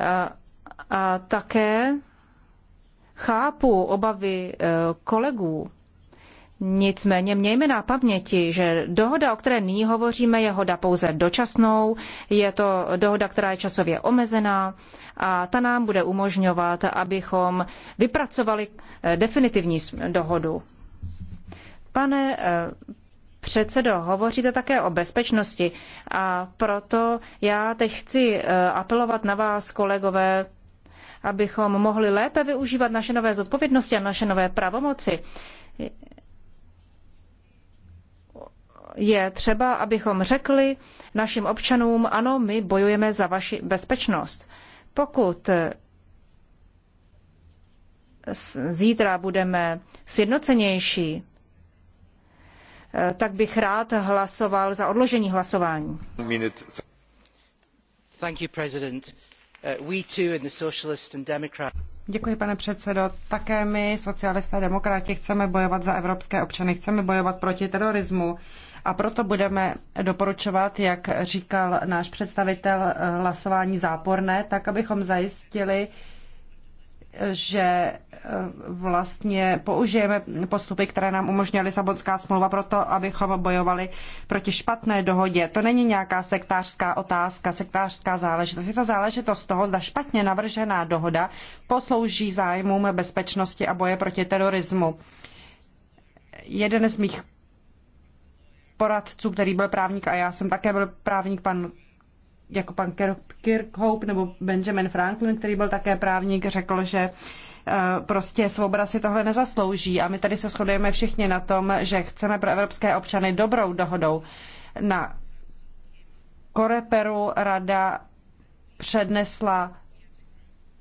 A, a také chápu obavy kolegů, Nicméně mějme na paměti, že dohoda, o které nyní hovoříme, je hoda pouze dočasnou, je to dohoda, která je časově omezená a ta nám bude umožňovat, abychom vypracovali eh, definitivní dohodu. Pane eh, předsedo, hovoříte také o bezpečnosti a proto já teď chci eh, apelovat na vás, kolegové, abychom mohli lépe využívat naše nové zodpovědnosti a naše nové pravomoci je třeba, abychom řekli našim občanům, ano, my bojujeme za vaši bezpečnost. Pokud zítra budeme sjednocenější, eh, tak bych rád hlasoval za odložení hlasování. Uh, Děkuji, pane předsedo. Také my, socialisté a demokrati, chceme bojovat za evropské občany, chceme bojovat proti terorismu a proto budeme doporučovat, jak říkal náš představitel, eh, hlasování záporné, tak abychom zajistili, že eh, vlastně použijeme postupy, které nám umožňuje Lisabonská smlouva proto, abychom bojovali proti špatné dohodě. To není nějaká sektářská otázka, sektářská záležitost. Je to záležitost toho, zda špatně navržená dohoda poslouží zájmům bezpečnosti a boje proti terorismu. Jeden z mých poradců, který byl právník a já jsem také byl právník, pan jako pan Kirkhope nebo Benjamin Franklin, který byl také právník, řekl, že eh, prostě svoboda si tohle nezaslouží a my tady se shodujeme všichni na tom, že chceme pro evropské občany dobrou dohodou. Na Koreperu rada přednesla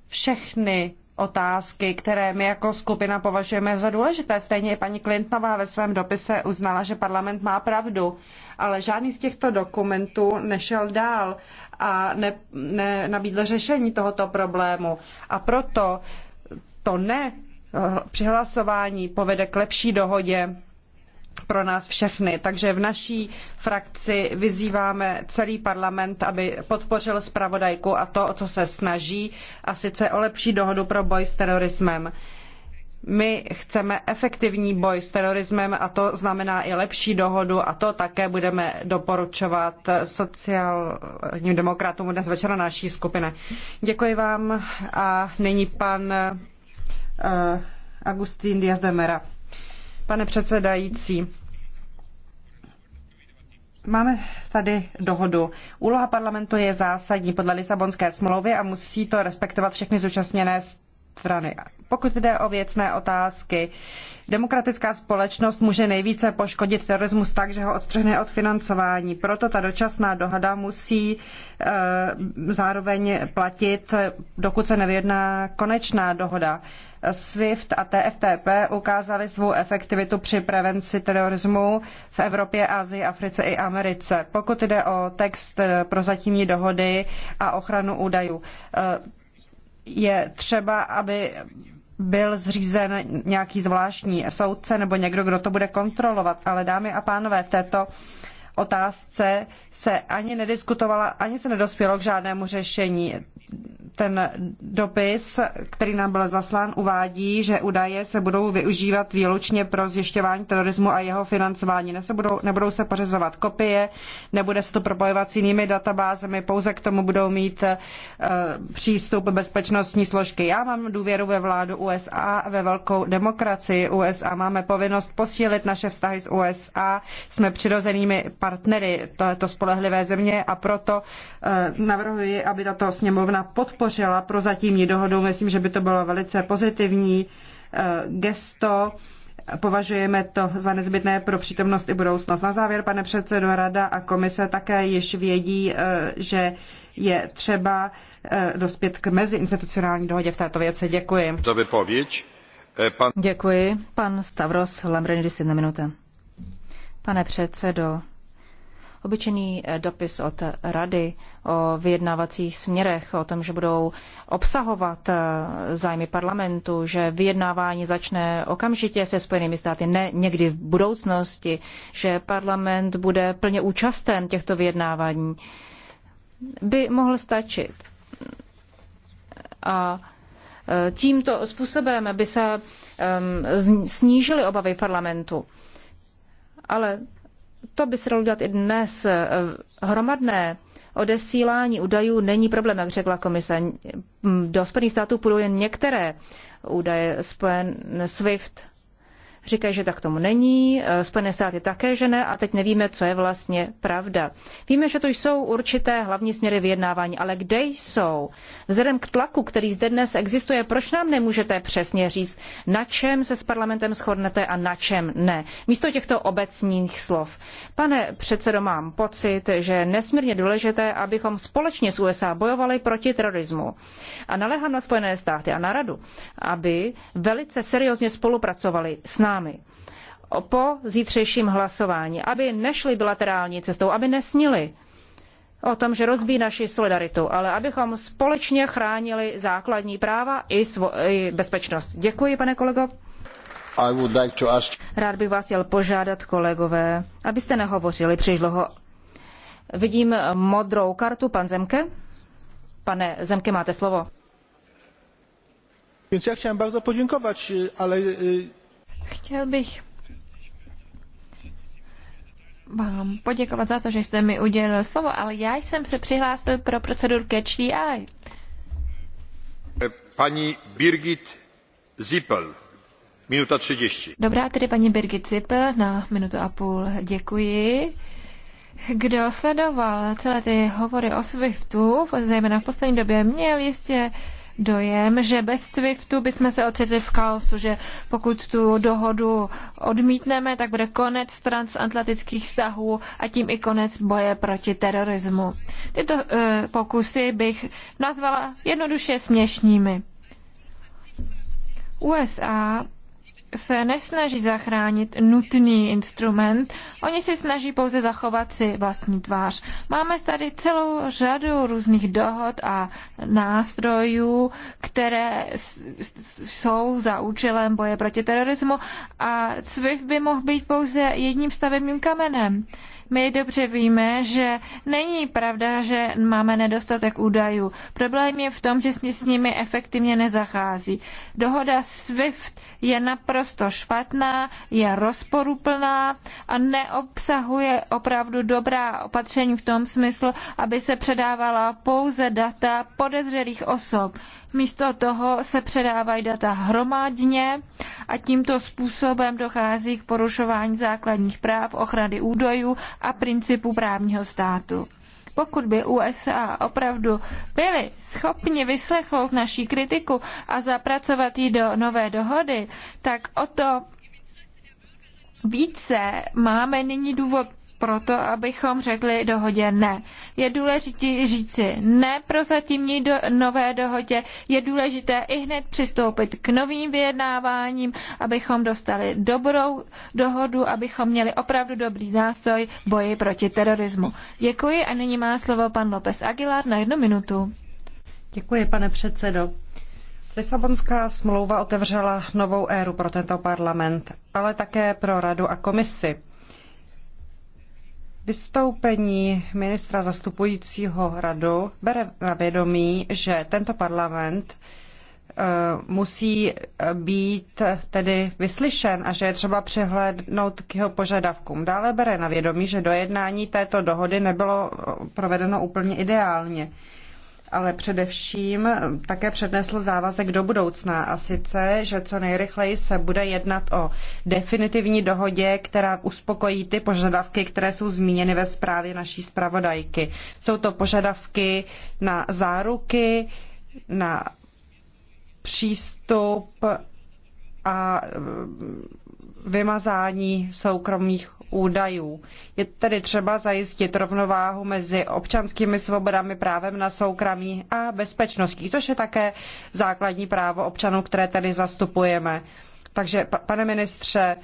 všechny otázky, které my jako skupina považujeme za důležité. Stejně i paní Clintonová ve svém dopise uznala, že parlament má pravdu, ale žádný z těchto dokumentů nešel dál a ne, ne, nabídl řešení tohoto problému. A proto to ne eh, přihlasování povede k lepší dohodě pro nás všechny. Takže v naší frakci vyzýváme celý parlament, aby podpořil zpravodajku a to, o co se snaží, a sice o lepší dohodu pro boj s terorismem. My chceme efektivní boj s terorismem a to znamená i lepší dohodu a to také budeme doporučovat sociálním demokratům dnes večer na naší skupine. Děkuji vám a nyní pan uh, Agustín Diaz de Mera pane předsedající. Máme tady dohodu. Úloha parlamentu je zásadní podle Lisabonské smlouvy a musí to respektovat všechny zúčastněné strany. Pokud jde o věcné otázky, demokratická společnost může nejvíce poškodit terorismus tak, že ho odstřihne od financování. Proto ta dočasná dohoda musí eh, zároveň platit, dokud se nevyjedná konečná dohoda. SWIFT a TFTP ukázaly svou efektivitu při prevenci terorismu v Evropě, Asii, Africe i Americe. Pokud jde o text eh, prozatímní dohody a ochranu údajů, eh, je třeba, aby byl zřízen nějaký zvláštní soudce nebo někdo, kdo to bude kontrolovat. Ale dámy a pánové, v této otázce se ani nediskutovala, ani se nedospělo k žádnému řešení ten dopis, který nám byl zaslán, uvádí, že údaje se budou využívat výlučně pro zjišťování terorismu a jeho financování. Nebudou, nebudou se pořizovat kopie, nebude se to propojovat s jinými databázemi, pouze k tomu budou mít uh, přístup bezpečnostní složky. Já mám důvěru ve vládu USA, ve velkou demokracii USA. Máme povinnost posílit naše vztahy s USA. Jsme přirozenými partnery této spolehlivé země a proto uh, navrhuji, aby tato sněmovna podporovala podpořila prozatímní dohodu. Myslím, že by to bylo velice pozitivní eh, gesto. Považujeme to za nezbytné pro přítomnost i budoucnost. Na závěr, pane předsedo, Rada a komise také již vědí, eh, že je třeba eh, dospět k meziinstitucionální dohodě v této věci. Děkuji. Za vypověď. Pan... Děkuji. Pan Stavros Lambrinidis, jedna minuta. Pane předsedo, obyčejný eh, dopis od Rady o vyjednávacích směrech, o tom, že budou obsahovat eh, zájmy parlamentu, že vyjednávání začne okamžitě se Spojenými státy, ne někdy v budoucnosti, že parlament bude plně účasten těchto vyjednávání, by mohl stačit. A eh, tímto způsobem by se ehm, snížily obavy parlamentu. Ale to by se dalo dělat i dnes. Eh, hromadné odesílání údajů není problém, jak řekla komise. Hm, do Spojených států půjdou jen některé údaje. Spojen SWIFT Říkají, že tak tomu není, eh, Spojené státy také, že ne, a teď nevíme, co je vlastně pravda. Víme, že to jsou určité hlavní směry vyjednávání, ale kde jsou? Vzhledem k tlaku, který zde dnes existuje, proč nám nemůžete přesně říct, na čem se s parlamentem shodnete a na čem ne? Místo těchto obecných slov. Pane předsedo, mám pocit, že je nesmírně důležité, abychom společně s USA bojovali proti terorismu. A naléhám na Spojené státy a na radu, aby velice seriózně spolupracovali s námi vámi po zítřejším hlasování, aby nešli bilaterální cestou, aby nesnili o tom, že rozbíjí naši solidaritu, ale abychom společně chránili základní práva i, svo- i bezpečnost. Děkuji, pane kolego. Like ask... Rád bych vás chtěl požádat, kolegové, abyste nehovořili příliš dlouho. Vidím modrou kartu, pan Zemke. Pane Zemke, máte slovo. Więc ja chciałem bardzo podziękować, ale Chtěl bych vám poděkovat za to, že jste mi udělil slovo, ale já jsem se přihlásil pro proceduru Catch the Eye. Paní Birgit Zippel, minuta 30. Dobrá, tedy paní Birgit Zippel na minutu a půl. Děkuji. Kdo sledoval celé ty hovory o SWIFTu, zejména v poslední době, měl jistě uh, dojem, že bez SWIFTu bychom se ocitli v kaosu, že pokud tu dohodu odmítneme, tak bude konec transatlantických vztahů a tím i konec boje proti terorismu. Tyto uh, pokusy bych nazvala jednoduše směšnými. USA se nesnaží zachránit nutný instrument, oni se snaží pouze zachovat si vlastní tvář. Máme tady celou řadu různých dohod a nástrojů, které jsou za účelem boje proti terorismu a SWIFT by mohl být pouze jedním stavebním kamenem. My dobře víme, že není pravda, že máme nedostatek údajů. Problém je v tom, že s nimi efektivně nezachází. Dohoda SWIFT je naprosto špatná, je rozporuplná a neobsahuje opravdu dobrá opatření v tom smyslu, aby se předávala pouze data podezřelých osob. Místo toho se předávají data hromadně a tímto způsobem dochází k porušování základních práv, ochrany údajů a principů právního státu pokud by USA opravdu byli schopni vyslechnout naší kritiku a zapracovat ji do nové dohody, tak o to více máme nyní důvod proto, abychom řekli dohodě ne. Je důležité říci ne zatímní do, nové dohodě, je důležité i hned přistoupit k novým vyjednáváním, abychom dostali dobrou dohodu, abychom měli opravdu dobrý nástroj boji proti terorismu. Děkuji a nyní má slovo pan López Aguilar na jednu minutu. Děkuji, pane předsedo. Lisabonská smlouva otevřela novou éru pro tento parlament, ale také pro radu a komisi. Vystoupení ministra zastupujícího radu bere na vědomí, že tento parlament eh, musí být tedy vyslyšen a že je třeba přehlédnout k jeho požadavkům. Dále bere na vědomí, že dojednání této dohody nebylo eh, provedeno úplně ideálně ale především eh, také přednesl závazek do budoucna a sice, že co nejrychleji se bude jednat o definitivní dohodě, která uspokojí ty požadavky, které jsou zmíněny ve zprávě naší zpravodajky. Jsou to požadavky na záruky, na přístup a eh, vymazání soukromých údajů. Je tedy třeba zajistit rovnováhu mezi občanskými svobodami, právem na soukromí a bezpečností, což je také základní právo občanů, které tedy zastupujeme. Takže, pane ministře,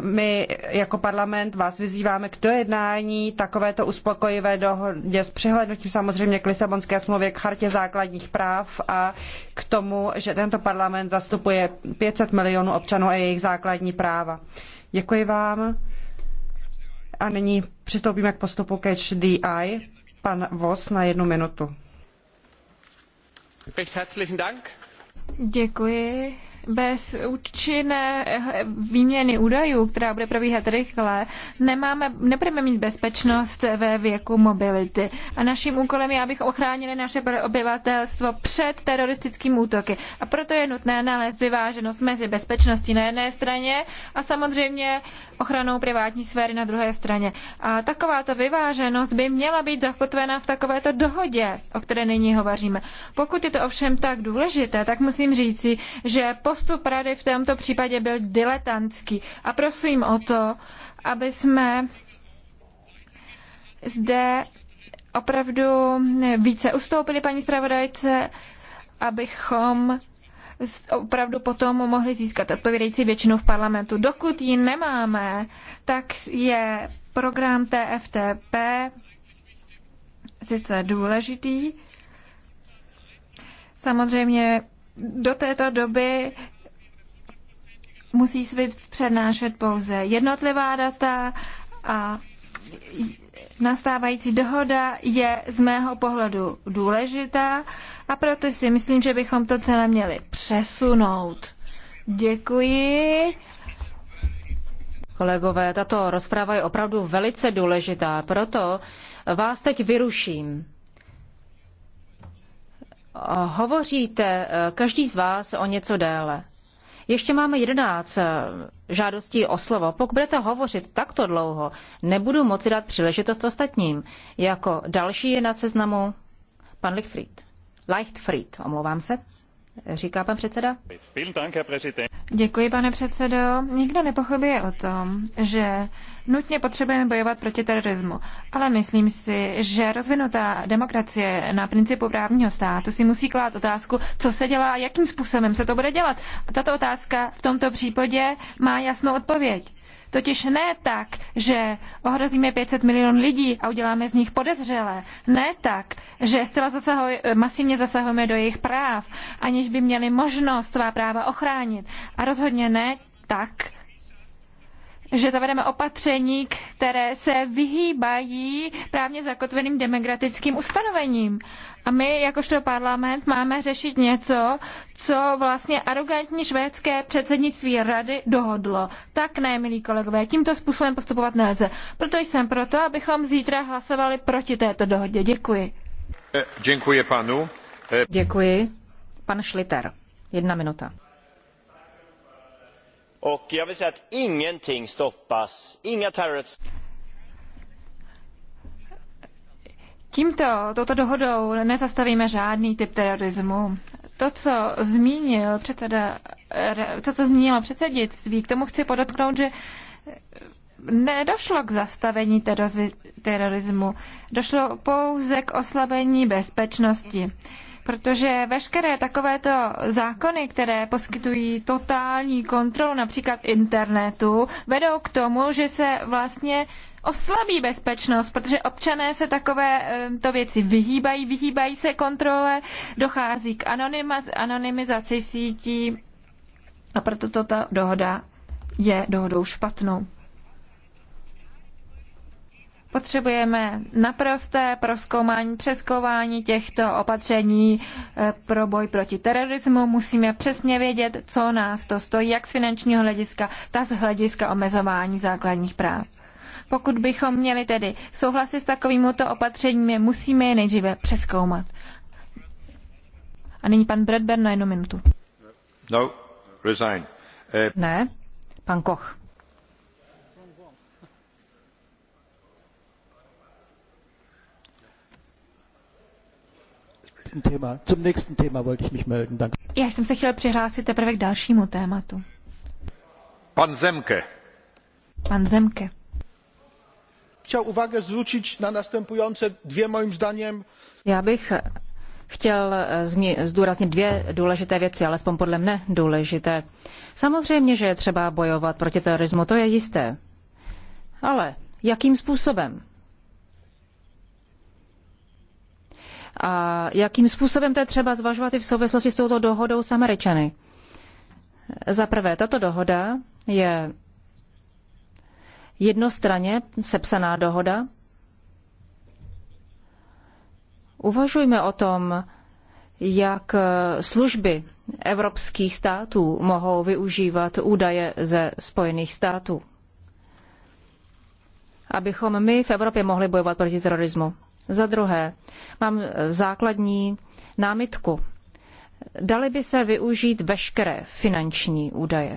my jako parlament vás vyzýváme k dojednání takovéto uspokojivé dohodě s přihlednutím samozřejmě k Lisabonské smlouvě, k chartě základních práv a k tomu, že tento parlament zastupuje 500 milionů občanů a jejich základní práva. Děkuji vám. A nyní přistoupíme k postupu Catch the Pan Vos na jednu minutu. Děkuji bez účinné eh, výměny údajů, která bude probíhat rychle, nemáme, nebudeme mít bezpečnost ve věku mobility. A naším úkolem je, abych ochránili naše obyvatelstvo před teroristickými útoky. A proto je nutné nalézt vyváženost mezi bezpečností na jedné straně a samozřejmě ochranou privátní sféry na druhé straně. A takováto vyváženost by měla být zakotvena v takovéto dohodě, o které nyní hovoříme. Pokud je to ovšem tak důležité, tak musím říci, že po postup rady v tomto případě byl diletantský. A prosím o to, aby jsme zde opravdu více ustoupili paní zpravodajce, abychom opravdu potom mohli získat odpovědající většinu v parlamentu. Dokud ji nemáme, tak je program TFTP sice důležitý, samozřejmě do této doby musí svět přednášet pouze jednotlivá data a nastávající dohoda je z mého pohledu důležitá a proto si myslím, že bychom to celé měli přesunout. Děkuji. Kolegové, tato rozpráva je opravdu velice důležitá, proto vás teď vyruším. Eh, hovoříte eh, každý z vás o něco déle. Ještě máme 11 eh, žádostí o slovo. Pokud budete hovořit takto dlouho, nebudu moci dát příležitost ostatním. Jako další je na seznamu pan Lichtfried. Lichtfried, omlouvám se říká pan předseda. Děkuji, pane předsedo. Nikdo nepochybuje o tom, že nutně potřebujeme bojovat proti terorismu, ale myslím si, že rozvinutá demokracie na principu právního státu si musí klát otázku, co se dělá a jakým způsobem se to bude dělat. A tato otázka v tomto případě má jasnou odpověď. Totiž ne tak, že ohrozíme 500 milionů lidí a uděláme z nich podezřelé. Ne tak, že zcela zasahuj, masivně zasahujeme do jejich práv, aniž by měli možnost svá práva ochránit. A rozhodně ne tak, že zavedeme opatření, které se vyhýbají právně zakotveným demokratickým ustanovením. A my, jakožto parlament, máme řešit něco, co vlastně arrogantní švédské předsednictví rady dohodlo. Tak ne, milí kolegové, tímto způsobem postupovat nelze. Proto jsem proto, abychom zítra hlasovali proti této dohodě. Děkuji. Eh, děkuji panu. Eh, děkuji. Pan Šliter. Jedna minuta. Och jag vill säga att ingenting stoppas, inga terroristdåd. Tímto, touto dohodou nezastavíme žádný typ terorismu. To, co zmínil předseda, to, co zmínilo předsednictví, k tomu chci podotknout, že nedošlo k zastavení terorismu. Došlo pouze k oslabení bezpečnosti protože veškeré takovéto zákony, které poskytují totální kontrolu například internetu, vedou k tomu, že se vlastně oslabí bezpečnost, protože občané se takové to věci vyhýbají, vyhýbají se kontrole, dochází k anonymizaci sítí a proto tato dohoda je dohodou špatnou. Potřebujeme naprosté proskoumání, přeskoumání těchto opatření eh, pro boj proti terorismu. Musíme přesně vědět, co nás to stojí, jak z finančního hlediska, tak z hlediska omezování základních práv. Pokud bychom měli tedy souhlasit s takovýmto opatřeními, musíme je nejdříve přeskoumat. A nyní pan Bradburn na jednu minutu. No, resign. Uh... Ne, pan Koch. nächsten Thema, zum nächsten Thema wollte ich mich melden. Danke. Já jsem se chtěl přihlásit teprve k dalšímu tématu. Pan Zemke. Pan Zemke. Chtěl uwagę zwrócić na następujące dvě moim zdaniem. Já bych chtěl e, zdůraznit dvě důležité věci, alespoň podle mne důležité. Samozřejmě, že je třeba bojovat proti terorismu, to je jisté. Ale jakým způsobem? a jakým způsobem to je třeba zvažovat i v souvislosti s touto dohodou s Američany. Za prvé, tato dohoda je jednostranně sepsaná dohoda. Uvažujme o tom, jak služby evropských států mohou využívat údaje ze Spojených států, abychom my v Evropě mohli bojovat proti terorismu. Za druhé, mám eh, základní námitku. Dali by se využít veškeré finanční údaje.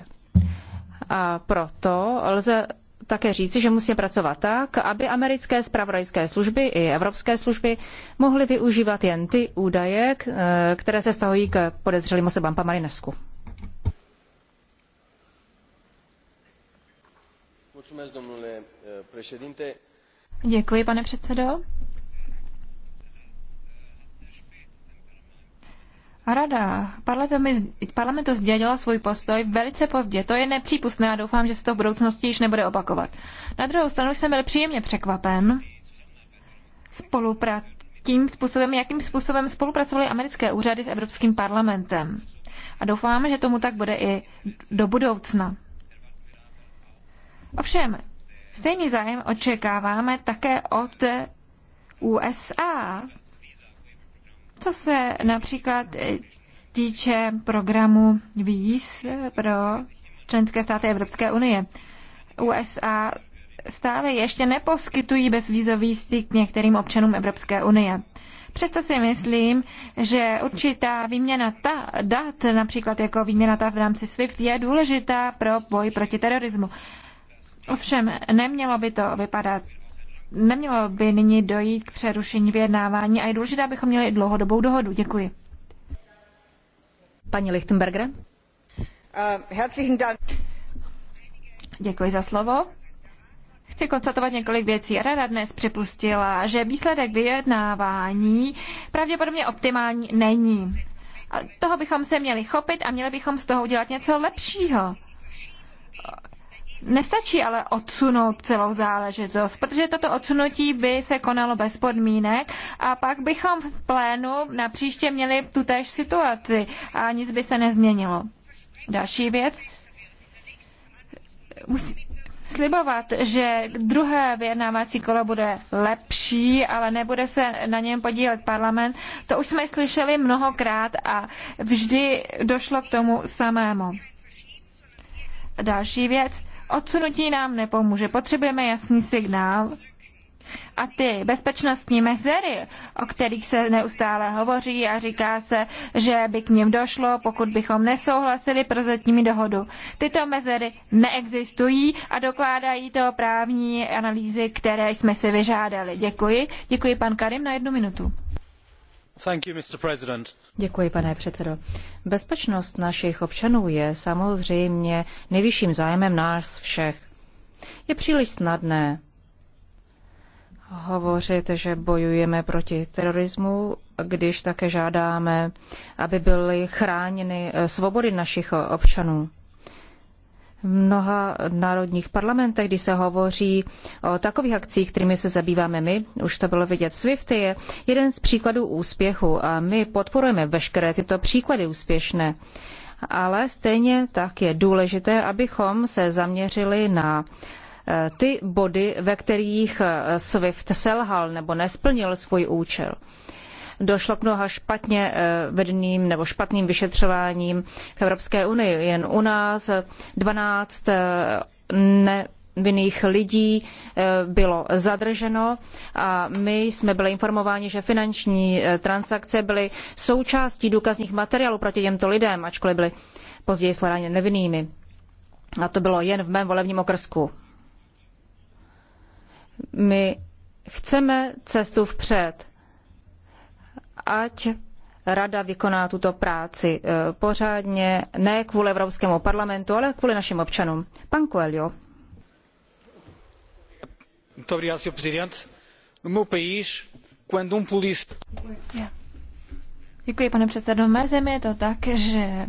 A proto lze také říci, že musí pracovat tak, aby americké spravodajské služby i evropské služby mohly využívat jen ty údaje, eh, které se stahují k podezřelým osobám Pamarinesku. Eh, Děkuji, pane předsedo. Rada parlament to sdělila svůj postoj velice pozdě. To je nepřípustné a doufám, že se to v budoucnosti již nebude opakovat. Na druhou stranu jsem byl příjemně překvapen spolupra- tím způsobem, jakým způsobem spolupracovaly americké úřady s Evropským parlamentem. A doufám, že tomu tak bude i do budoucna. Ovšem, stejný zájem očekáváme také od USA, co se například eh, týče programu víz pro členské státy Evropské unie, USA stále ještě neposkytují bezvízový styk některým občanům Evropské unie. Přesto si myslím, že určitá výměna ta, dat, například jako výměna ta v rámci SWIFT, je důležitá pro boj proti terorismu. Ovšem, nemělo by to vypadat nemělo by nyní dojít k přerušení vyjednávání a je důležité, abychom měli i dlouhodobou dohodu. Děkuji. Paní Lichtenberger. Uh, Děkuji za slovo. Chci konstatovat několik věcí. Rada dnes připustila, že výsledek vyjednávání pravděpodobně optimální není. A toho bychom se měli chopit a měli bychom z toho udělat něco lepšího Nestačí ale odsunout celou záležitost, protože toto odsunutí by se konalo bez podmínek a pak bychom v plénu na příště měli tutéž situaci a nic by se nezměnilo. Další věc. Musí slibovat, že druhé vyjednávací kolo bude lepší, ale nebude se na něm podílet parlament, to už jsme slyšeli mnohokrát a vždy došlo k tomu samému. Další věc Odsunutí nám nepomůže. Potřebujeme jasný signál. A ty bezpečnostní mezery, o kterých se neustále hovoří a říká se, že by k něm došlo, pokud bychom nesouhlasili prozatím dohodu. Tyto mezery neexistují a dokládají to právní analýzy, které jsme si vyžádali. Děkuji. Děkuji pan Karim na jednu minutu. Děkuji, pane předsedo. Bezpečnost našich občanů je samozřejmě nejvyšším zájmem nás všech. Je příliš snadné hovořit, že bojujeme proti terorismu, když také žádáme, aby byly chráněny eh, svobody našich eh, občanů v mnoha národních parlamentech, kdy se hovoří o takových akcích, kterými se zabýváme my, už to bylo vidět, SWIFT je jeden z příkladů úspěchu a my podporujeme veškeré tyto příklady úspěšné. Ale stejně tak je důležité, abychom se zaměřili na eh, ty body, ve kterých eh, SWIFT selhal nebo nesplnil svůj účel došlo k mnoha špatně eh, vedeným nebo špatným vyšetřováním v Evropské unii. Jen u nás 12 eh, ne, vinných lidí eh, bylo zadrženo a my jsme byli informováni, že finanční transakce byly součástí důkazních materiálů proti těmto lidem, ačkoliv byly později sledáni nevinnými. A to bylo jen v mém volebním okrsku. My chceme cestu vpřed ať Rada vykoná tuto práci eh, pořádně, ne kvůli Evropskému parlamentu, ale kvůli našim občanům. Pan Coelho. No um Děkuji, pane předsedo. V mé zemi je to tak, že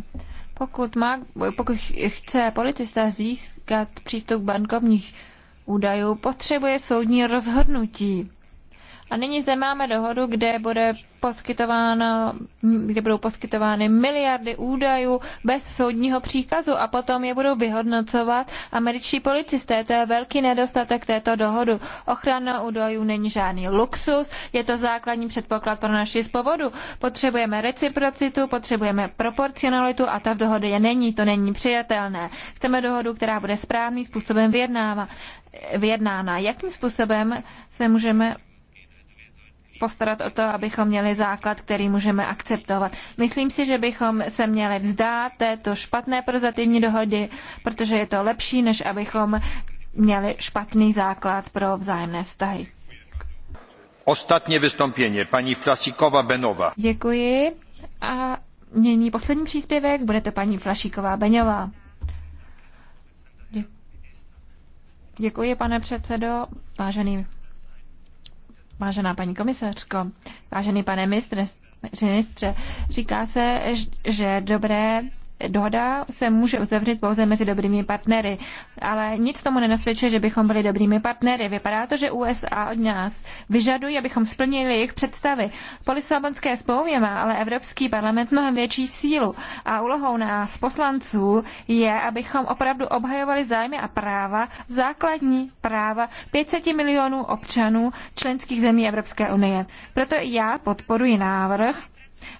pokud, má, pokud chce policista získat přístup k bankovních údajů, potřebuje soudní rozhodnutí. A nyní zde máme dohodu, kde, bude poskytováno, kde budou poskytovány miliardy údajů bez soudního příkazu a potom je budou vyhodnocovat američtí policisté. To je velký nedostatek této dohody. Ochrana údajů není žádný luxus, je to základní předpoklad pro naši svobodu. Potřebujeme reciprocitu, potřebujeme proporcionalitu a ta v dohodě je není, to není přijatelné. Chceme dohodu, která bude správným způsobem vyjednána. Jakým způsobem se můžeme postarat o to, abychom měli základ, který můžeme akceptovat. Myslím si, že bychom se měli vzdát této špatné prozativní dohody, protože je to lepší, než abychom měli špatný základ pro vzájemné vztahy. Ostatní vystoupení, paní Flasíková Benova. Děkuji. A nyní poslední příspěvek, bude to paní Flašíková Beňová. Děkuji, pane předsedo, vážený Vážená paní komisařko, vážený pane ministře, ministře říká se, že dobré dohoda se může uzavřít pouze mezi dobrými partnery, ale nic tomu nenasvědčuje, že bychom byli dobrými partnery. Vypadá to, že USA od nás vyžadují, abychom splnili jejich představy. Po Lisabonské smlouvě má ale Evropský parlament mnohem větší sílu a úlohou nás poslanců je, abychom opravdu obhajovali zájmy a práva, základní práva 500 milionů občanů členských zemí Evropské unie. Proto já podporuji návrh,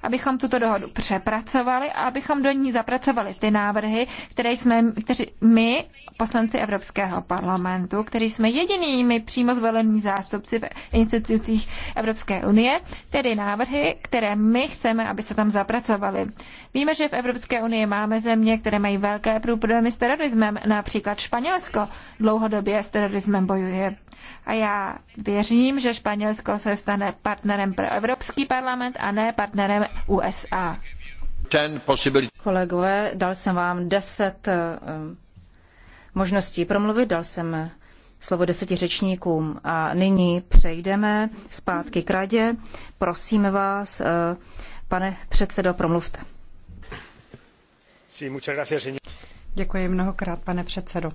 abychom tuto dohodu přepracovali a abychom do ní zapracovali ty návrhy, které jsme kteři, my, poslanci Evropského parlamentu, kteří jsme jedinými přímo zvolenými zástupci v institucích Evropské unie, tedy návrhy, které my chceme, aby se tam zapracovaly. Víme, že v Evropské unii máme země, které mají velké problémy s terorismem, například Španělsko dlouhodobě s terorismem bojuje a já věřím, že Španělsko se stane partnerem pro Evropský parlament a ne partnerem USA. Kolegové, dal jsem vám deset eh, možností promluvit, dal jsem slovo deseti řečníkům. A nyní přejdeme zpátky k radě. Prosíme vás, eh, pane předsedo, promluvte. Děkuji mnohokrát, pane předsedo.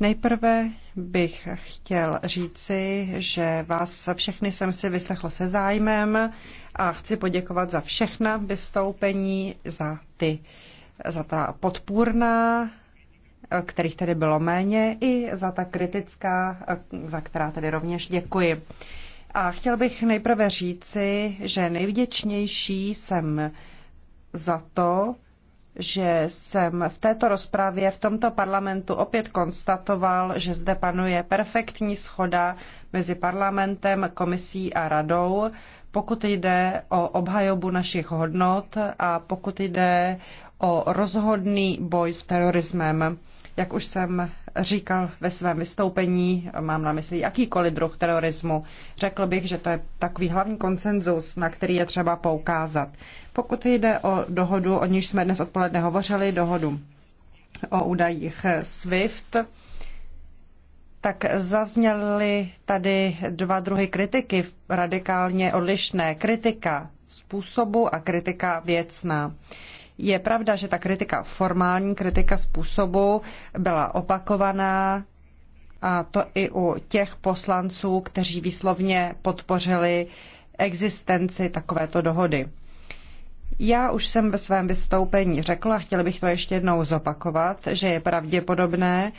Nejprve bych chtěl říci, že vás všechny jsem si vyslechl se zájmem a chci poděkovat za všechna vystoupení, za ty, za ta podpůrná, kterých tedy bylo méně, i za ta kritická, za která tedy rovněž děkuji. A chtěl bych nejprve říci, že nejvděčnější jsem za to, že jsem v této rozpravě v tomto parlamentu opět konstatoval, že zde panuje perfektní schoda mezi parlamentem, komisí a radou, pokud jde o obhajobu našich hodnot a pokud jde o rozhodný boj s terorismem. Jak už jsem říkal ve svém vystoupení, mám na mysli jakýkoliv druh terorismu, řekl bych, že to je takový hlavní konsenzus, na který je třeba poukázat. Pokud jde o dohodu, o níž jsme dnes odpoledne hovořili, dohodu o údajích SWIFT, tak zazněly tady dva druhy kritiky, radikálně odlišné. Kritika způsobu a kritika věcná. Je pravda, že ta kritika, formální kritika způsobu byla opakovaná a to i u těch poslanců, kteří výslovně podpořili existenci takovéto dohody. Já už jsem ve svém vystoupení řekla, a chtěla bych to ještě jednou zopakovat, že je pravděpodobné,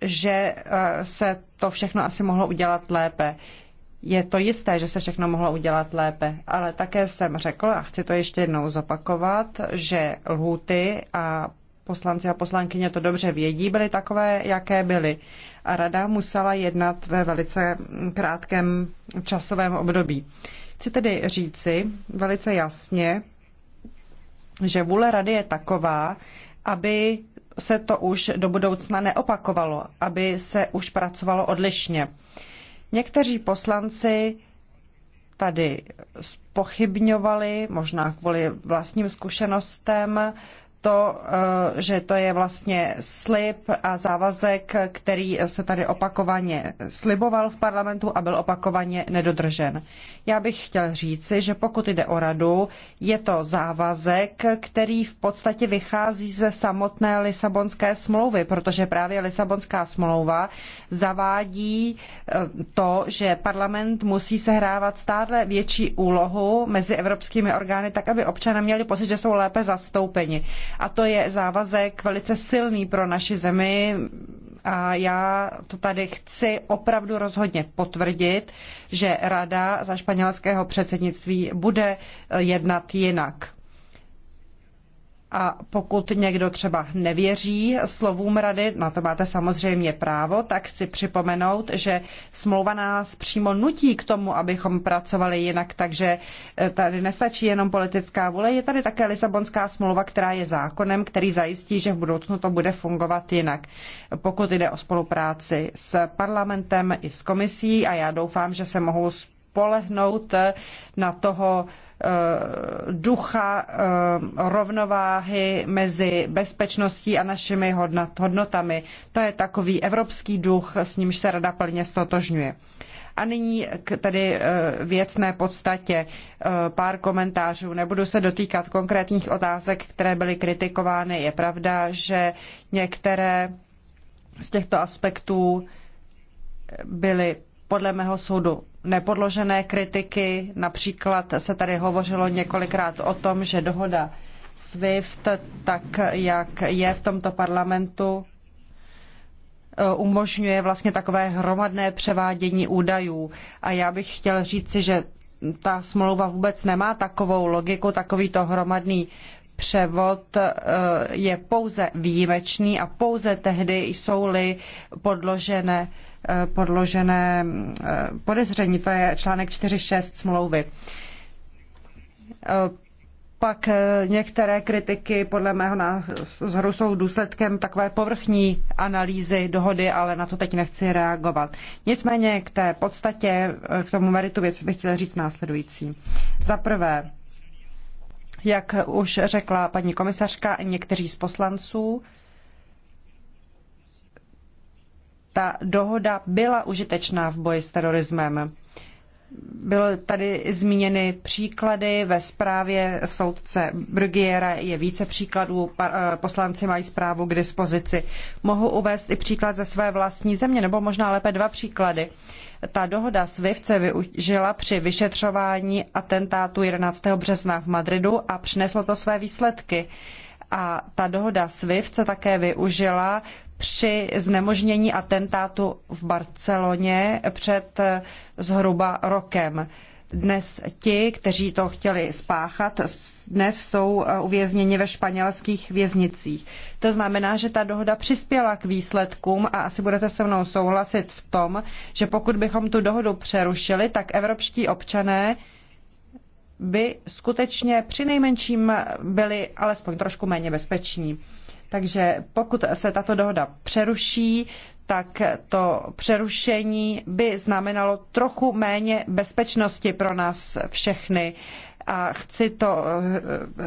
že eh, se to všechno asi mohlo udělat lépe. Je to jisté, že se všechno mohlo udělat lépe, ale také jsem řekl, a chci to ještě jednou zopakovat, že lhuty a poslanci a poslankyně to dobře vědí, byly takové, jaké byly. A rada musela jednat ve velice krátkém časovém období. Chci tedy říci velice jasně, že vůle rady je taková, aby se to už do budoucna neopakovalo, aby se už pracovalo odlišně. Uh, Někteří poslanci tady spochybňovali, možná kvůli vlastním zkušenostem, to, eh, že to je vlastně slib a závazek, který se tady opakovaně sliboval v parlamentu a byl opakovaně nedodržen. Já bych chtěl říci, že pokud jde o radu, je to závazek, který v podstatě vychází ze samotné Lisabonské smlouvy, protože právě Lisabonská smlouva zavádí eh, to, že parlament musí sehrávat stále větší úlohu mezi evropskými orgány, tak aby občané měli pocit, že jsou lépe zastoupeni. A to je závazek velice silný pro naši zemi. A já to tady chci opravdu rozhodně potvrdit, že Rada za španělského předsednictví bude jednat jinak. A pokud někdo třeba nevěří slovům rady, na to máte samozřejmě právo, tak chci připomenout, že smlouva nás přímo nutí k tomu, abychom pracovali jinak, takže eh, tady nestačí jenom politická vůle, je tady také Lisabonská smlouva, která je zákonem, který zajistí, že v budoucnu to bude fungovat jinak. Pokud jde o spolupráci s parlamentem i s komisí a já doufám, že se mohou spolehnout eh, na toho Eh, ducha eh, rovnováhy mezi bezpečností a našimi hodnotami. To je takový evropský duch, s nímž se Rada plně stotožňuje. A nyní k tedy eh, věcné podstatě pár komentářů. Nebudu se dotýkat konkrétních otázek, které byly kritikovány. Je pravda, že některé z těchto aspektů byly podle mého soudu nepodložené kritiky. Například se tady hovořilo několikrát o tom, že dohoda SWIFT, tak jak je v tomto parlamentu, eh, umožňuje vlastně takové hromadné převádění údajů. A já bych chtěl říci, že ta smlouva vůbec nemá takovou logiku, takovýto hromadný převod eh, je pouze výjimečný a pouze tehdy jsou-li podložené podložené eh, podezření. To je článek 4.6 smlouvy. Eh, pak eh, některé kritiky podle mého názoru jsou důsledkem takové povrchní analýzy dohody, ale na to teď nechci reagovat. Nicméně k té podstatě, k tomu meritu věci bych chtěla říct následující. Za prvé, jak už řekla paní komisařka, někteří z poslanců, ta dohoda byla užitečná v boji s terorismem. Byly tady zmíněny příklady ve zprávě soudce Brugiera, je více příkladů, eh, poslanci mají zprávu k dispozici. Mohu uvést i příklad ze své vlastní země, nebo možná lépe dva příklady. Ta dohoda s Vivce využila při vyšetřování atentátu 11. března v Madridu a přineslo to své výsledky. A ta dohoda SWIFT se také využila při znemožnění atentátu v Barceloně před zhruba rokem. Dnes ti, kteří to chtěli spáchat, dnes jsou uvězněni ve španělských věznicích. To znamená, že ta dohoda přispěla k výsledkům a asi budete se mnou souhlasit v tom, že pokud bychom tu dohodu přerušili, tak evropští občané by skutečně při nejmenším byli alespoň trošku méně bezpeční. Takže pokud se tato dohoda přeruší, tak to přerušení by znamenalo trochu méně bezpečnosti pro nás všechny. A chci to,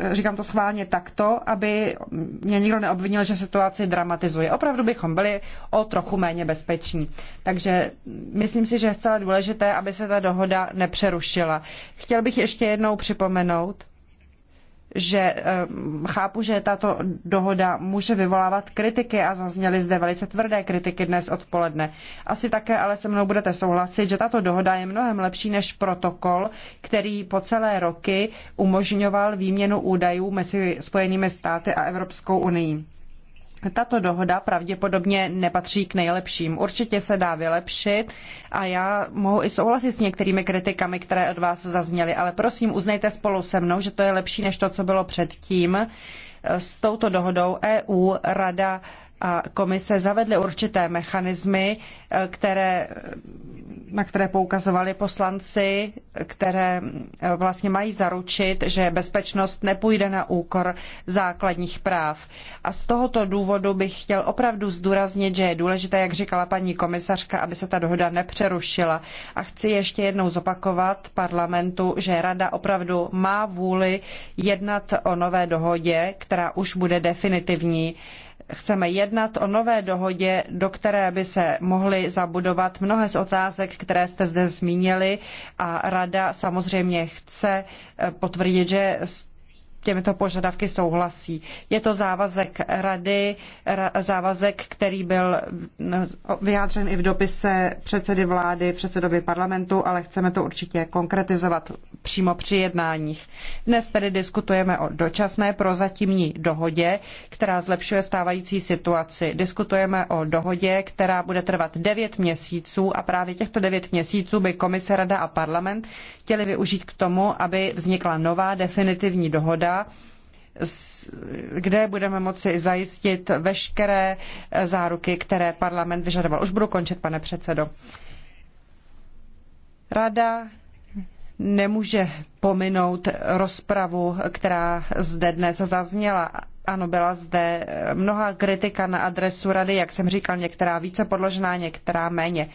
eh, říkám to schválně takto, aby mě nikdo neobvinil, že situaci dramatizuje. Opravdu bychom byli o trochu méně bezpeční. Takže myslím si, že je zcela důležité, aby se ta dohoda nepřerušila. Chtěl bych ještě jednou připomenout, že eh, chápu, že tato dohoda může vyvolávat kritiky a zazněly zde velice tvrdé kritiky dnes odpoledne. Asi také ale se mnou budete souhlasit, že tato dohoda je mnohem lepší než protokol, který po celé roky umožňoval výměnu údajů mezi Spojenými státy a Evropskou unii. Tato dohoda pravděpodobně nepatří k nejlepším. Určitě se dá vylepšit a já mohu i souhlasit s některými kritikami, které od vás zazněly, ale prosím, uznejte spolu se mnou, že to je lepší než to, co bylo předtím. S touto dohodou EU, Rada, a komise zavedly určité mechanismy, eh, které, na které poukazovali poslanci, které eh, vlastně mají zaručit, že bezpečnost nepůjde na úkor základních práv. A z tohoto důvodu bych chtěl opravdu zdůraznit, že je důležité, jak říkala paní komisařka, aby se ta dohoda nepřerušila. A chci ještě jednou zopakovat parlamentu, že Rada opravdu má vůli jednat o nové dohodě, která už bude definitivní chceme jednat o nové dohodě, do které by se mohly zabudovat mnohé z otázek, které jste zde zmínili a rada samozřejmě chce eh, potvrdit, že s těmito požadavky souhlasí. Je to závazek rady, závazek, který byl vyjádřen i v dopise předsedy vlády, předsedovi parlamentu, ale chceme to určitě konkretizovat přímo při jednáních. Dnes tedy diskutujeme o dočasné prozatímní dohodě, která zlepšuje stávající situaci. Diskutujeme o dohodě, která bude trvat 9 měsíců a právě těchto 9 měsíců by komise, rada a parlament chtěli využít k tomu, aby vznikla nová definitivní dohoda, kde budeme moci zajistit veškeré záruky, které parlament vyžadoval. Už budu končit, pane předsedo. Rada nemůže pominout rozpravu, která zde dnes zazněla ano, byla zde eh, mnoha kritika na adresu rady, jak jsem říkal, některá více podložená, některá méně.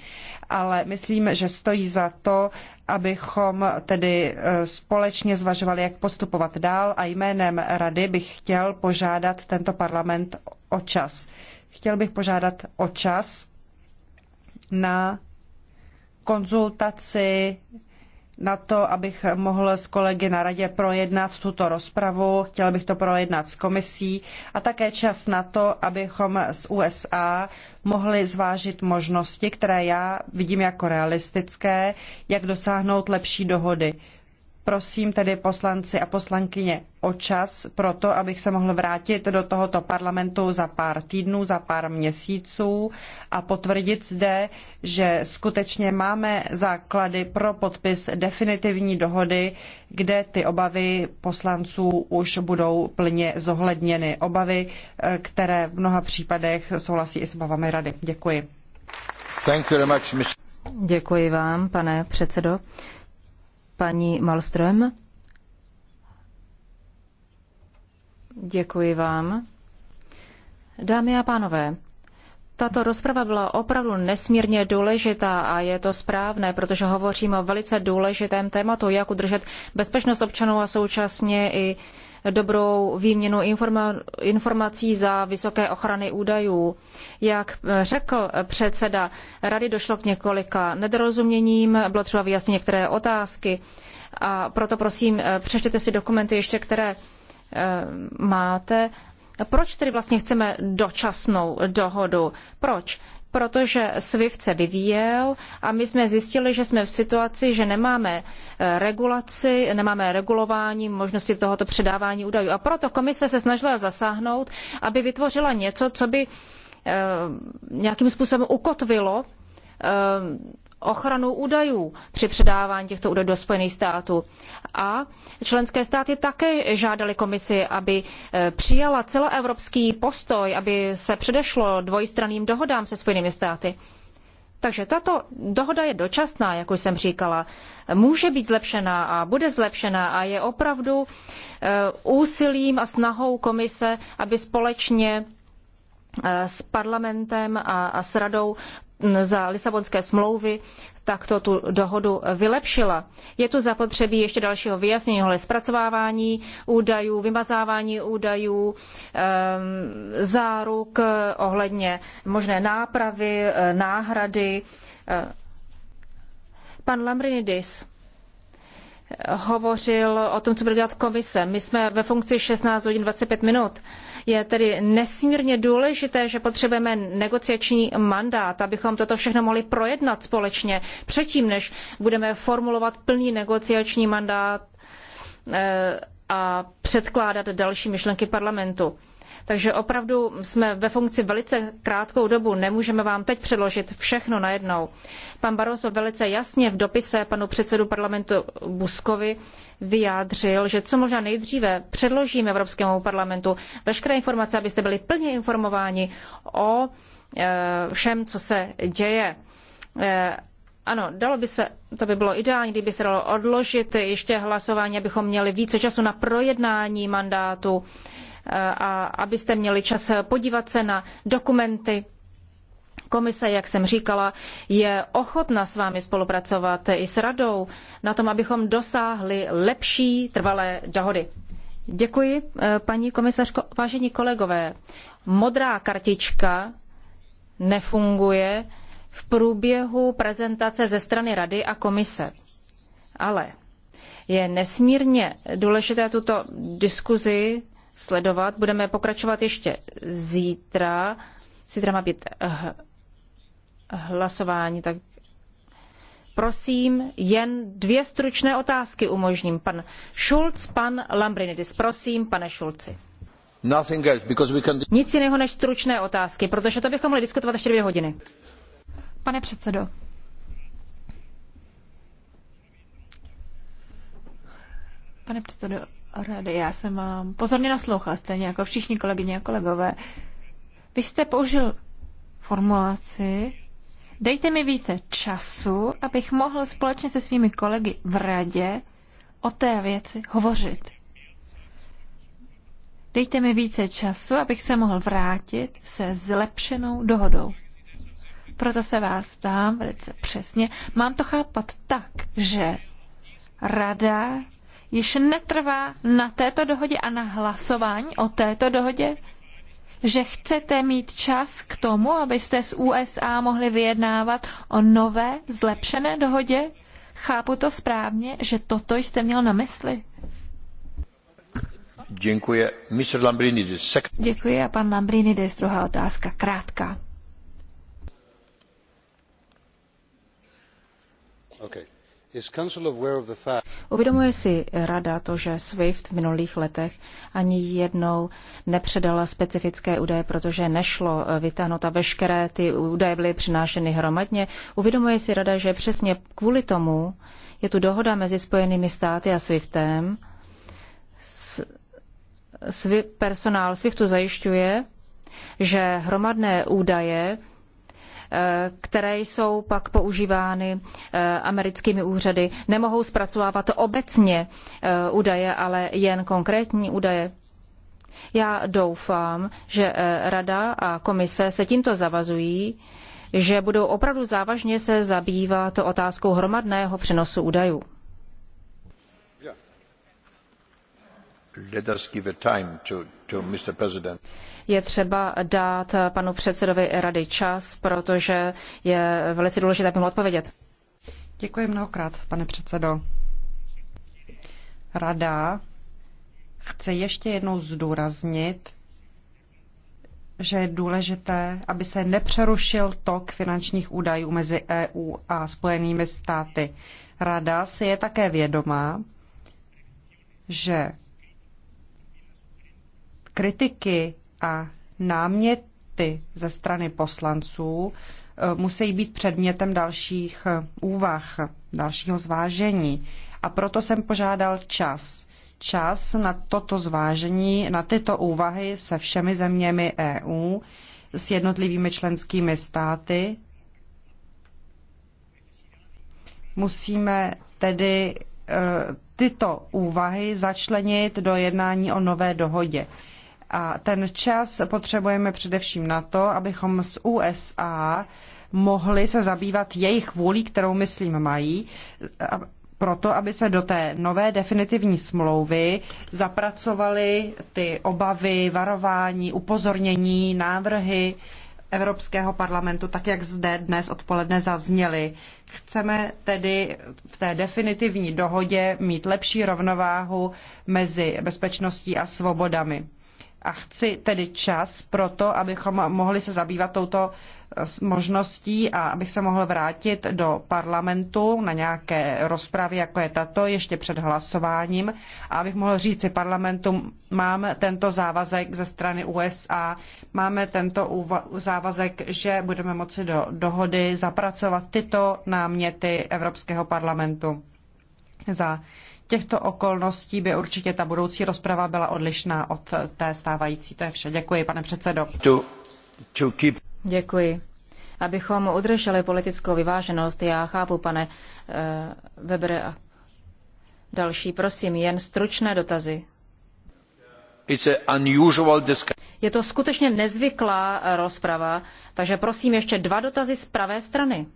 Ale myslím, že stojí za to, abychom tedy eh, společně zvažovali, jak postupovat dál a jménem rady bych chtěl požádat tento parlament o čas. Chtěl bych požádat o čas na konzultaci na to, abych mohl s kolegy na radě projednat tuto rozpravu. Chtěl bych to projednat s komisí a také čas na to, abychom z USA mohli zvážit možnosti, které já vidím jako realistické, jak dosáhnout lepší dohody. Prosím tedy poslanci a poslankyně o čas pro to, abych se mohl vrátit do tohoto parlamentu za pár týdnů, za pár měsíců a potvrdit zde, že skutečně máme základy pro podpis definitivní dohody, kde ty obavy poslanců už budou plně zohledněny. Obavy, eh, které v mnoha případech souhlasí i s obavami rady. Děkuji. Much, Děkuji vám, pane předsedo paní Malström. Děkuji vám. Dámy a pánové, tato rozprava byla opravdu nesmírně důležitá a je to správné, protože hovoříme o velice důležitém tématu, jak udržet bezpečnost občanů a současně i uh, dobrou výměnu informací za vysoké ochrany údajů. Jak řekl předseda rady, došlo k několika nedorozuměním, bylo třeba vyjasnit některé otázky a proto prosím, eh, přečtěte si dokumenty ještě, které eh, máte. Proč tedy vlastně chceme dočasnou dohodu? Proč? protože SWIFT se vyvíjel a my jsme zjistili, že jsme v situaci, že nemáme eh, regulaci, nemáme regulování možnosti tohoto předávání údajů. A proto komise se snažila zasáhnout, aby vytvořila něco, co by eh, nějakým způsobem ukotvilo eh, ochranu údajů při předávání těchto údajů do Spojených států. A členské státy také žádali komisi, aby eh, přijala celoevropský postoj, aby se předešlo dvojstranným dohodám se Spojenými státy. Takže tato dohoda je dočasná, jak už jsem říkala. Může být zlepšená a bude zlepšená a je opravdu eh, úsilím a snahou komise, aby společně eh, s parlamentem a, a s radou za Lisabonské smlouvy takto tu dohodu vylepšila. Je tu zapotřebí ještě dalšího vyjasnění, ale zpracovávání údajů, vymazávání údajů, ehm, záruk eh, ohledně možné nápravy, eh, náhrady. Eh, pan Lambrinidis hovořil o tom, co bude dělat komise. My jsme ve funkci 16 hodin 25 minut je tedy nesmírně důležité, že potřebujeme negociační mandát, abychom toto všechno mohli projednat společně předtím, než budeme formulovat plný negociační mandát eh, a předkládat další myšlenky parlamentu. Takže opravdu jsme ve funkci velice krátkou dobu, nemůžeme vám teď předložit všechno najednou. Pan Barroso velice jasně v dopise panu předsedu parlamentu Buskovi vyjádřil, že co možná nejdříve předložíme Evropskému parlamentu veškeré informace, abyste byli plně informováni o e, všem, co se děje. E, ano, dalo by se, to by bylo ideální, kdyby se dalo odložit ještě hlasování, abychom měli více času na projednání mandátu. Eh, a abyste měli čas podívat se na dokumenty. Komise, jak jsem říkala, je ochotna s vámi spolupracovat i s radou na tom, abychom dosáhli lepší trvalé dohody. Děkuji, eh, paní komisařko. Vážení kolegové, modrá kartička nefunguje v průběhu prezentace ze strany Rady a komise. Ale je nesmírně důležité tuto diskuzi sledovat. Budeme pokračovat ještě zítra. Zítra má být hlasování, tak prosím, jen dvě stručné otázky umožním. Pan Schulz, pan Lambrinidis. Prosím, pane Schulzi. Nic jiného než stručné otázky, protože to bychom mohli diskutovat ještě dvě hodiny. Pane předsedo, Pane předsedo, rady. Já jsem vám pozorně naslouchal, stejně jako všichni kolegyně a kolegové. Vy jste použil formulaci, dejte mi více času, abych mohl společně se svými kolegy v radě o té věci hovořit. Dejte mi více času, abych se mohl vrátit se zlepšenou dohodou. Proto se vás ptám velice přesně. Mám to chápat tak, že rada již netrvá na této dohodě a na hlasování o této dohodě? Že chcete mít čas k tomu, abyste s USA mohli vyjednávat o nové, zlepšené dohodě? Chápu to správně, že toto jste měl na mysli? Děkuji. Děkuji a pan Lambrinidis, druhá otázka, krátká. Okay. Uvědomuje si Rada to, že SWIFT v minulých letech ani jednou nepředala specifické údaje, protože nešlo eh, vytáhnout a veškeré ty údaje byly přinášeny hromadně. Uvědomuje si Rada, že přesně kvůli tomu je tu dohoda mezi Spojenými státy a SWIFTem. Personál SWIFTu zajišťuje, že hromadné údaje které jsou pak používány eh, americkými úřady, nemohou zpracovávat obecně eh, údaje, ale jen konkrétní údaje. Já doufám, že eh, Rada a komise se tímto zavazují, že budou opravdu závažně se zabývat otázkou hromadného přenosu údajů. To, to je třeba dát panu předsedovi rady čas, protože je velice důležité, aby mohl odpovědět. Děkuji mnohokrát, pane předsedo. Rada chce ještě jednou zdůraznit, že je důležité, aby se nepřerušil tok finančních údajů mezi EU a Spojenými státy. Rada si je také vědomá, že kritiky a náměty ze strany poslanců e, musí být předmětem dalších e, úvah, dalšího zvážení. A proto jsem požádal čas. Čas na toto zvážení, na tyto úvahy se všemi zeměmi EU, s jednotlivými členskými státy. Musíme tedy e, tyto úvahy začlenit do jednání o nové dohodě. A ten čas potřebujeme především na to, abychom z USA mohli se zabývat jejich vůlí, kterou myslím mají, proto, aby se do té nové definitivní smlouvy zapracovaly ty obavy, varování, upozornění, návrhy Evropského parlamentu, tak jak zde dnes odpoledne zazněly. Chceme tedy v té definitivní dohodě mít lepší rovnováhu mezi bezpečností a svobodami a chci tedy čas pro to, abychom mohli se zabývat touto eh, možností a abych se mohl vrátit do parlamentu na nějaké rozpravy, jako je tato, ještě před hlasováním a abych mohl říct si parlamentu, mám tento závazek ze strany USA, máme tento závazek, že budeme moci do dohody zapracovat tyto náměty Evropského parlamentu za těchto okolností by určitě ta budoucí rozprava byla odlišná od té stávající. To je vše. Děkuji, pane předsedo. To, to keep... Děkuji. Abychom udrželi politickou vyváženost, já chápu, pane uh, eh, Weber a další, prosím, jen stručné dotazy. It's a unusual discussion. Je to skutečně nezvyklá rozprava, takže prosím ještě dva dotazy z pravé strany.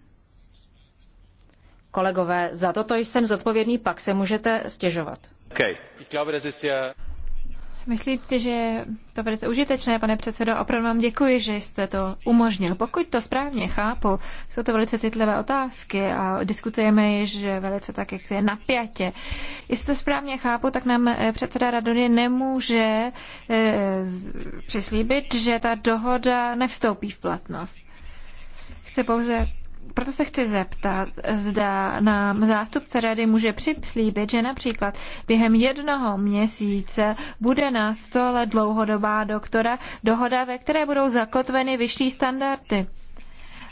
Kolegové, za toto jsem zodpovědný, pak se můžete stěžovat. Okay. Myslíte, že je to velice užitečné, pane předsedo? Opravdu vám děkuji, že jste to umožnil. Pokud to správně chápu, jsou to velice citlivé otázky a diskutujeme již velice tak, jak je napjatě. Jestli to správně chápu, tak nám eh, předseda Radony nemůže eh, přislíbit, že ta dohoda nevstoupí v platnost. Chce pouze proto se chci zeptat, zda nám zástupce rady může přislíbit, že například během jednoho měsíce bude na stole dlouhodobá doktora dohoda, ve které budou zakotveny vyšší standardy.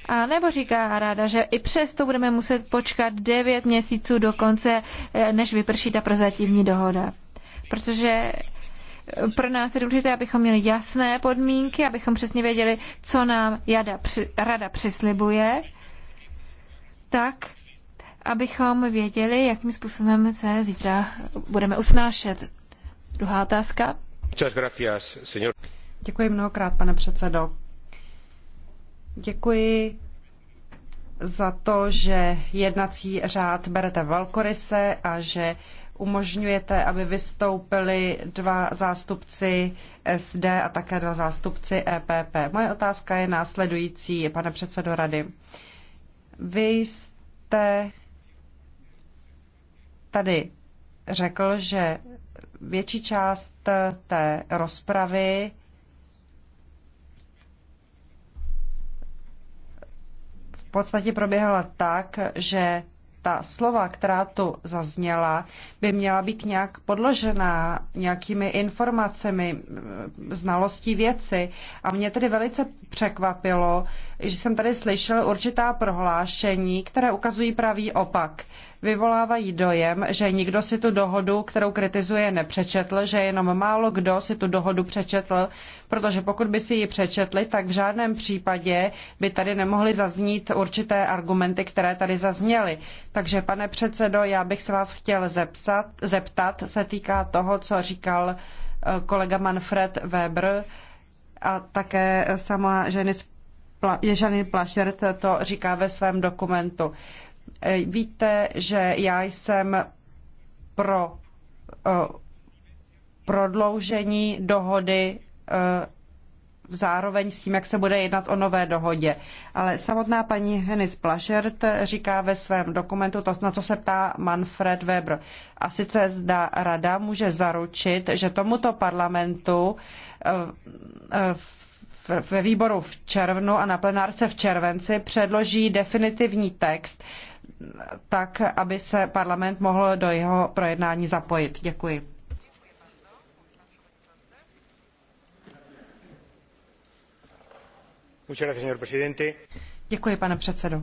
A nebo říká ráda, že i přesto budeme muset počkat devět měsíců do konce, eh, než vyprší ta prozatímní dohoda. Protože eh, pro nás je důležité, abychom měli jasné podmínky, abychom přesně věděli, co nám jada, rada přislibuje tak, abychom věděli, jakým způsobem se zítra budeme usnášet. Druhá otázka. Děkuji mnohokrát, pane předsedo. Děkuji za to, že jednací řád berete velkoryse a že umožňujete, aby vystoupili dva zástupci SD a také dva zástupci EPP. Moje otázka je následující, pane předsedo rady. Uh, vy jste tady řekl, že větší část té rozpravy v podstatě proběhla tak, že ta slova, která tu zazněla, by měla být nějak podložená nějakými informacemi, znalostí věci. A mě tedy velice překvapilo, že jsem tady slyšel určitá prohlášení, které ukazují pravý opak. Vyvolávají dojem, že nikdo si tu dohodu, kterou kritizuje, nepřečetl, že jenom málo kdo si tu dohodu přečetl, protože pokud by si ji přečetli, tak v žádném případě by tady nemohly zaznít určité argumenty, které tady zazněly. Takže, pane předsedo, já bych se vás chtěl zepsat, zeptat, se týká toho, co říkal eh, kolega Manfred Weber a také sama ženy z Ježanin Plašert to říká ve svém dokumentu. E, víte, že já jsem pro e, prodloužení dohody e, zároveň s tím, jak se bude jednat o nové dohodě. Ale samotná paní Hennis Plašert říká ve svém dokumentu, to, na co se ptá Manfred Weber, a sice zda rada může zaručit, že tomuto parlamentu v ve výboru v červnu a na plenárce v červenci předloží definitivní text, tak, aby se parlament mohl do jeho projednání zapojit. Děkuji. Děkuji, pane předsedo.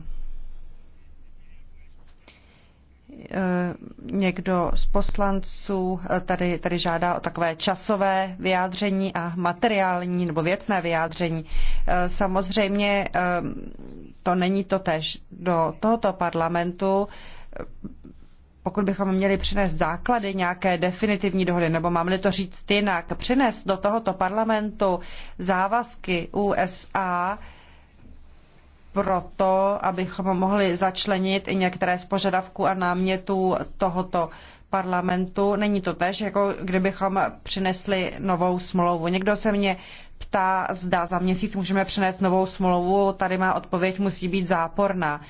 Eh, někdo z poslanců eh, tady, tady žádá o takové časové vyjádření a materiální nebo věcné vyjádření. Eh, samozřejmě to není to tež do tohoto parlamentu. Pokud bychom měli přinést základy nějaké definitivní dohody, nebo máme-li to říct jinak, přinést do tohoto parlamentu závazky USA, proto, abychom mohli začlenit i některé z požadavků a námětů tohoto parlamentu. Není to tež, jako kdybychom přinesli novou smlouvu. Někdo se mě ptá, zda za měsíc můžeme přinést novou smlouvu, tady má odpověď musí být záporná.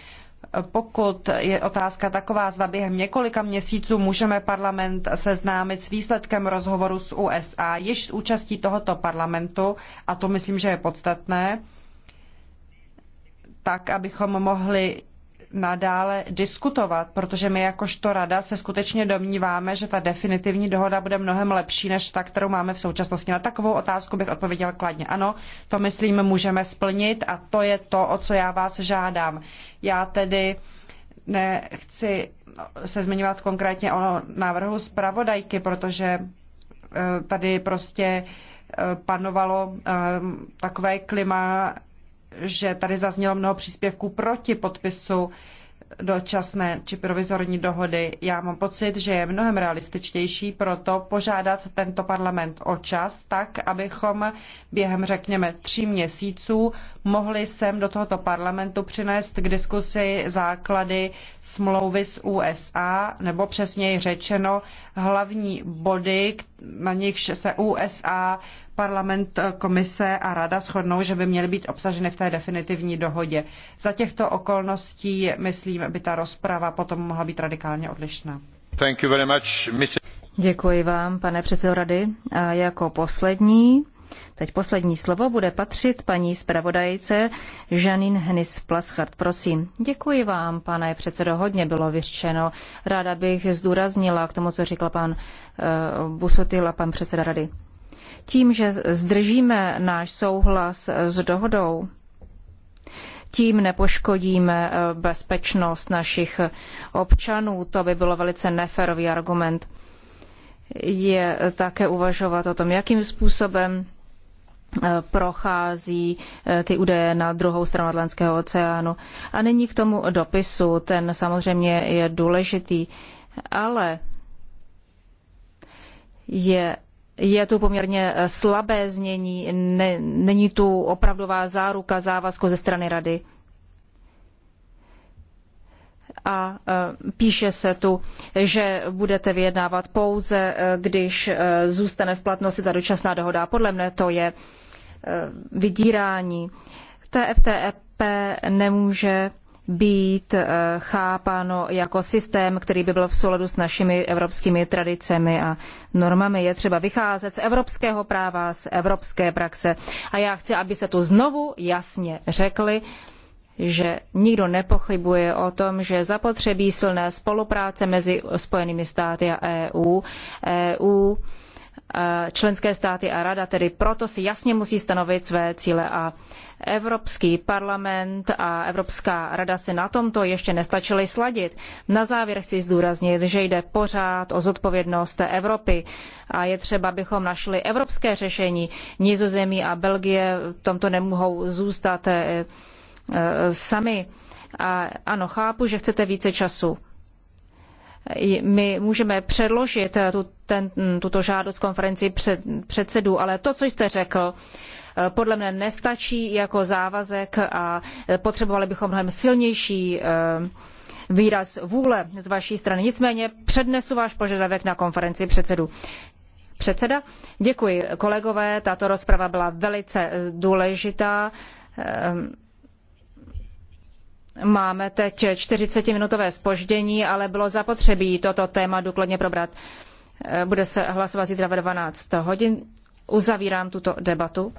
Pokud je otázka taková, zda během několika měsíců můžeme parlament seznámit s výsledkem rozhovoru s USA, již s účastí tohoto parlamentu, a to myslím, že je podstatné, tak, abychom mohli nadále diskutovat, protože my jakožto rada se skutečně domníváme, že ta definitivní dohoda bude mnohem lepší než ta, kterou máme v současnosti. Na takovou otázku bych odpověděl kladně. Ano, to myslím můžeme splnit a to je to, o co já vás žádám. Já tedy nechci se zmiňovat konkrétně o návrhu zpravodajky, protože eh, tady prostě eh, panovalo eh, takové klima že tady zaznělo mnoho příspěvků proti podpisu dočasné či provizorní dohody. Já mám pocit, že je mnohem realističtější proto požádat tento parlament o čas, tak abychom během, řekněme, tří měsíců mohli sem do tohoto parlamentu přinést k diskusi základy smlouvy s USA, nebo přesněji řečeno, hlavní body, na nich se USA, parlament, komise a rada shodnou, že by měly být obsaženy v té definitivní dohodě. Za těchto okolností, myslím, by ta rozprava potom mohla být radikálně odlišná. Thank you very much, Děkuji vám, pane předsedo rady. A jako poslední Teď poslední slovo bude patřit paní zpravodajce Janine Hnis Plaschart. Prosím. Děkuji vám, pane předsedo, hodně bylo vyřčeno. Ráda bych zdůraznila k tomu, co řekl pan eh, Busutil a pan předseda rady. Tím, že zdržíme náš souhlas s dohodou, tím nepoškodíme eh, bezpečnost našich občanů. To by bylo velice neférový argument. Je také uvažovat o tom, jakým způsobem Eh, prochází eh, ty údaje na druhou stranu Atlantského oceánu. A není k tomu dopisu, ten samozřejmě je důležitý, ale je, je tu poměrně eh, slabé znění, ne, není tu opravdová záruka závazku ze strany rady. A píše se tu, že budete vyjednávat pouze, když zůstane v platnosti ta dočasná dohoda. Podle mne to je uh, Eh, vydírání. TFTP e nemůže být eh, chápáno jako systém, který by byl v souladu s našimi evropskými tradicemi a normami. Je třeba vycházet z evropského práva, z evropské praxe. A já chci, aby se tu znovu jasně řekli, že nikdo nepochybuje o tom, že zapotřebí silné spolupráce mezi Spojenými státy a EU. EU Eh, členské státy a rada, tedy proto si jasně musí stanovit své cíle a Evropský parlament a Evropská rada se na tomto ještě nestačily sladit. Na závěr chci zdůraznit, že jde pořád o zodpovědnost Evropy a je třeba, abychom našli evropské řešení. Nizozemí a Belgie v tomto nemohou zůstat eh, eh, sami. A ano, chápu, že chcete více času my můžeme předložit tu, ten, tuto žádost konferenci před, předsedů, ale to, co jste řekl, eh, podle mne nestačí jako závazek a eh, potřebovali bychom mnohem silnější eh, výraz vůle z vaší strany. Nicméně přednesu váš požadavek na konferenci předsedů předseda. Děkuji kolegové, tato rozprava byla velice důležitá. Ehm, Máme teď 40-minutové spoždění, ale bylo zapotřebí toto téma důkladně probrat. Eh, bude se hlasovat zítra ve 12 hodin. Uzavírám tuto debatu.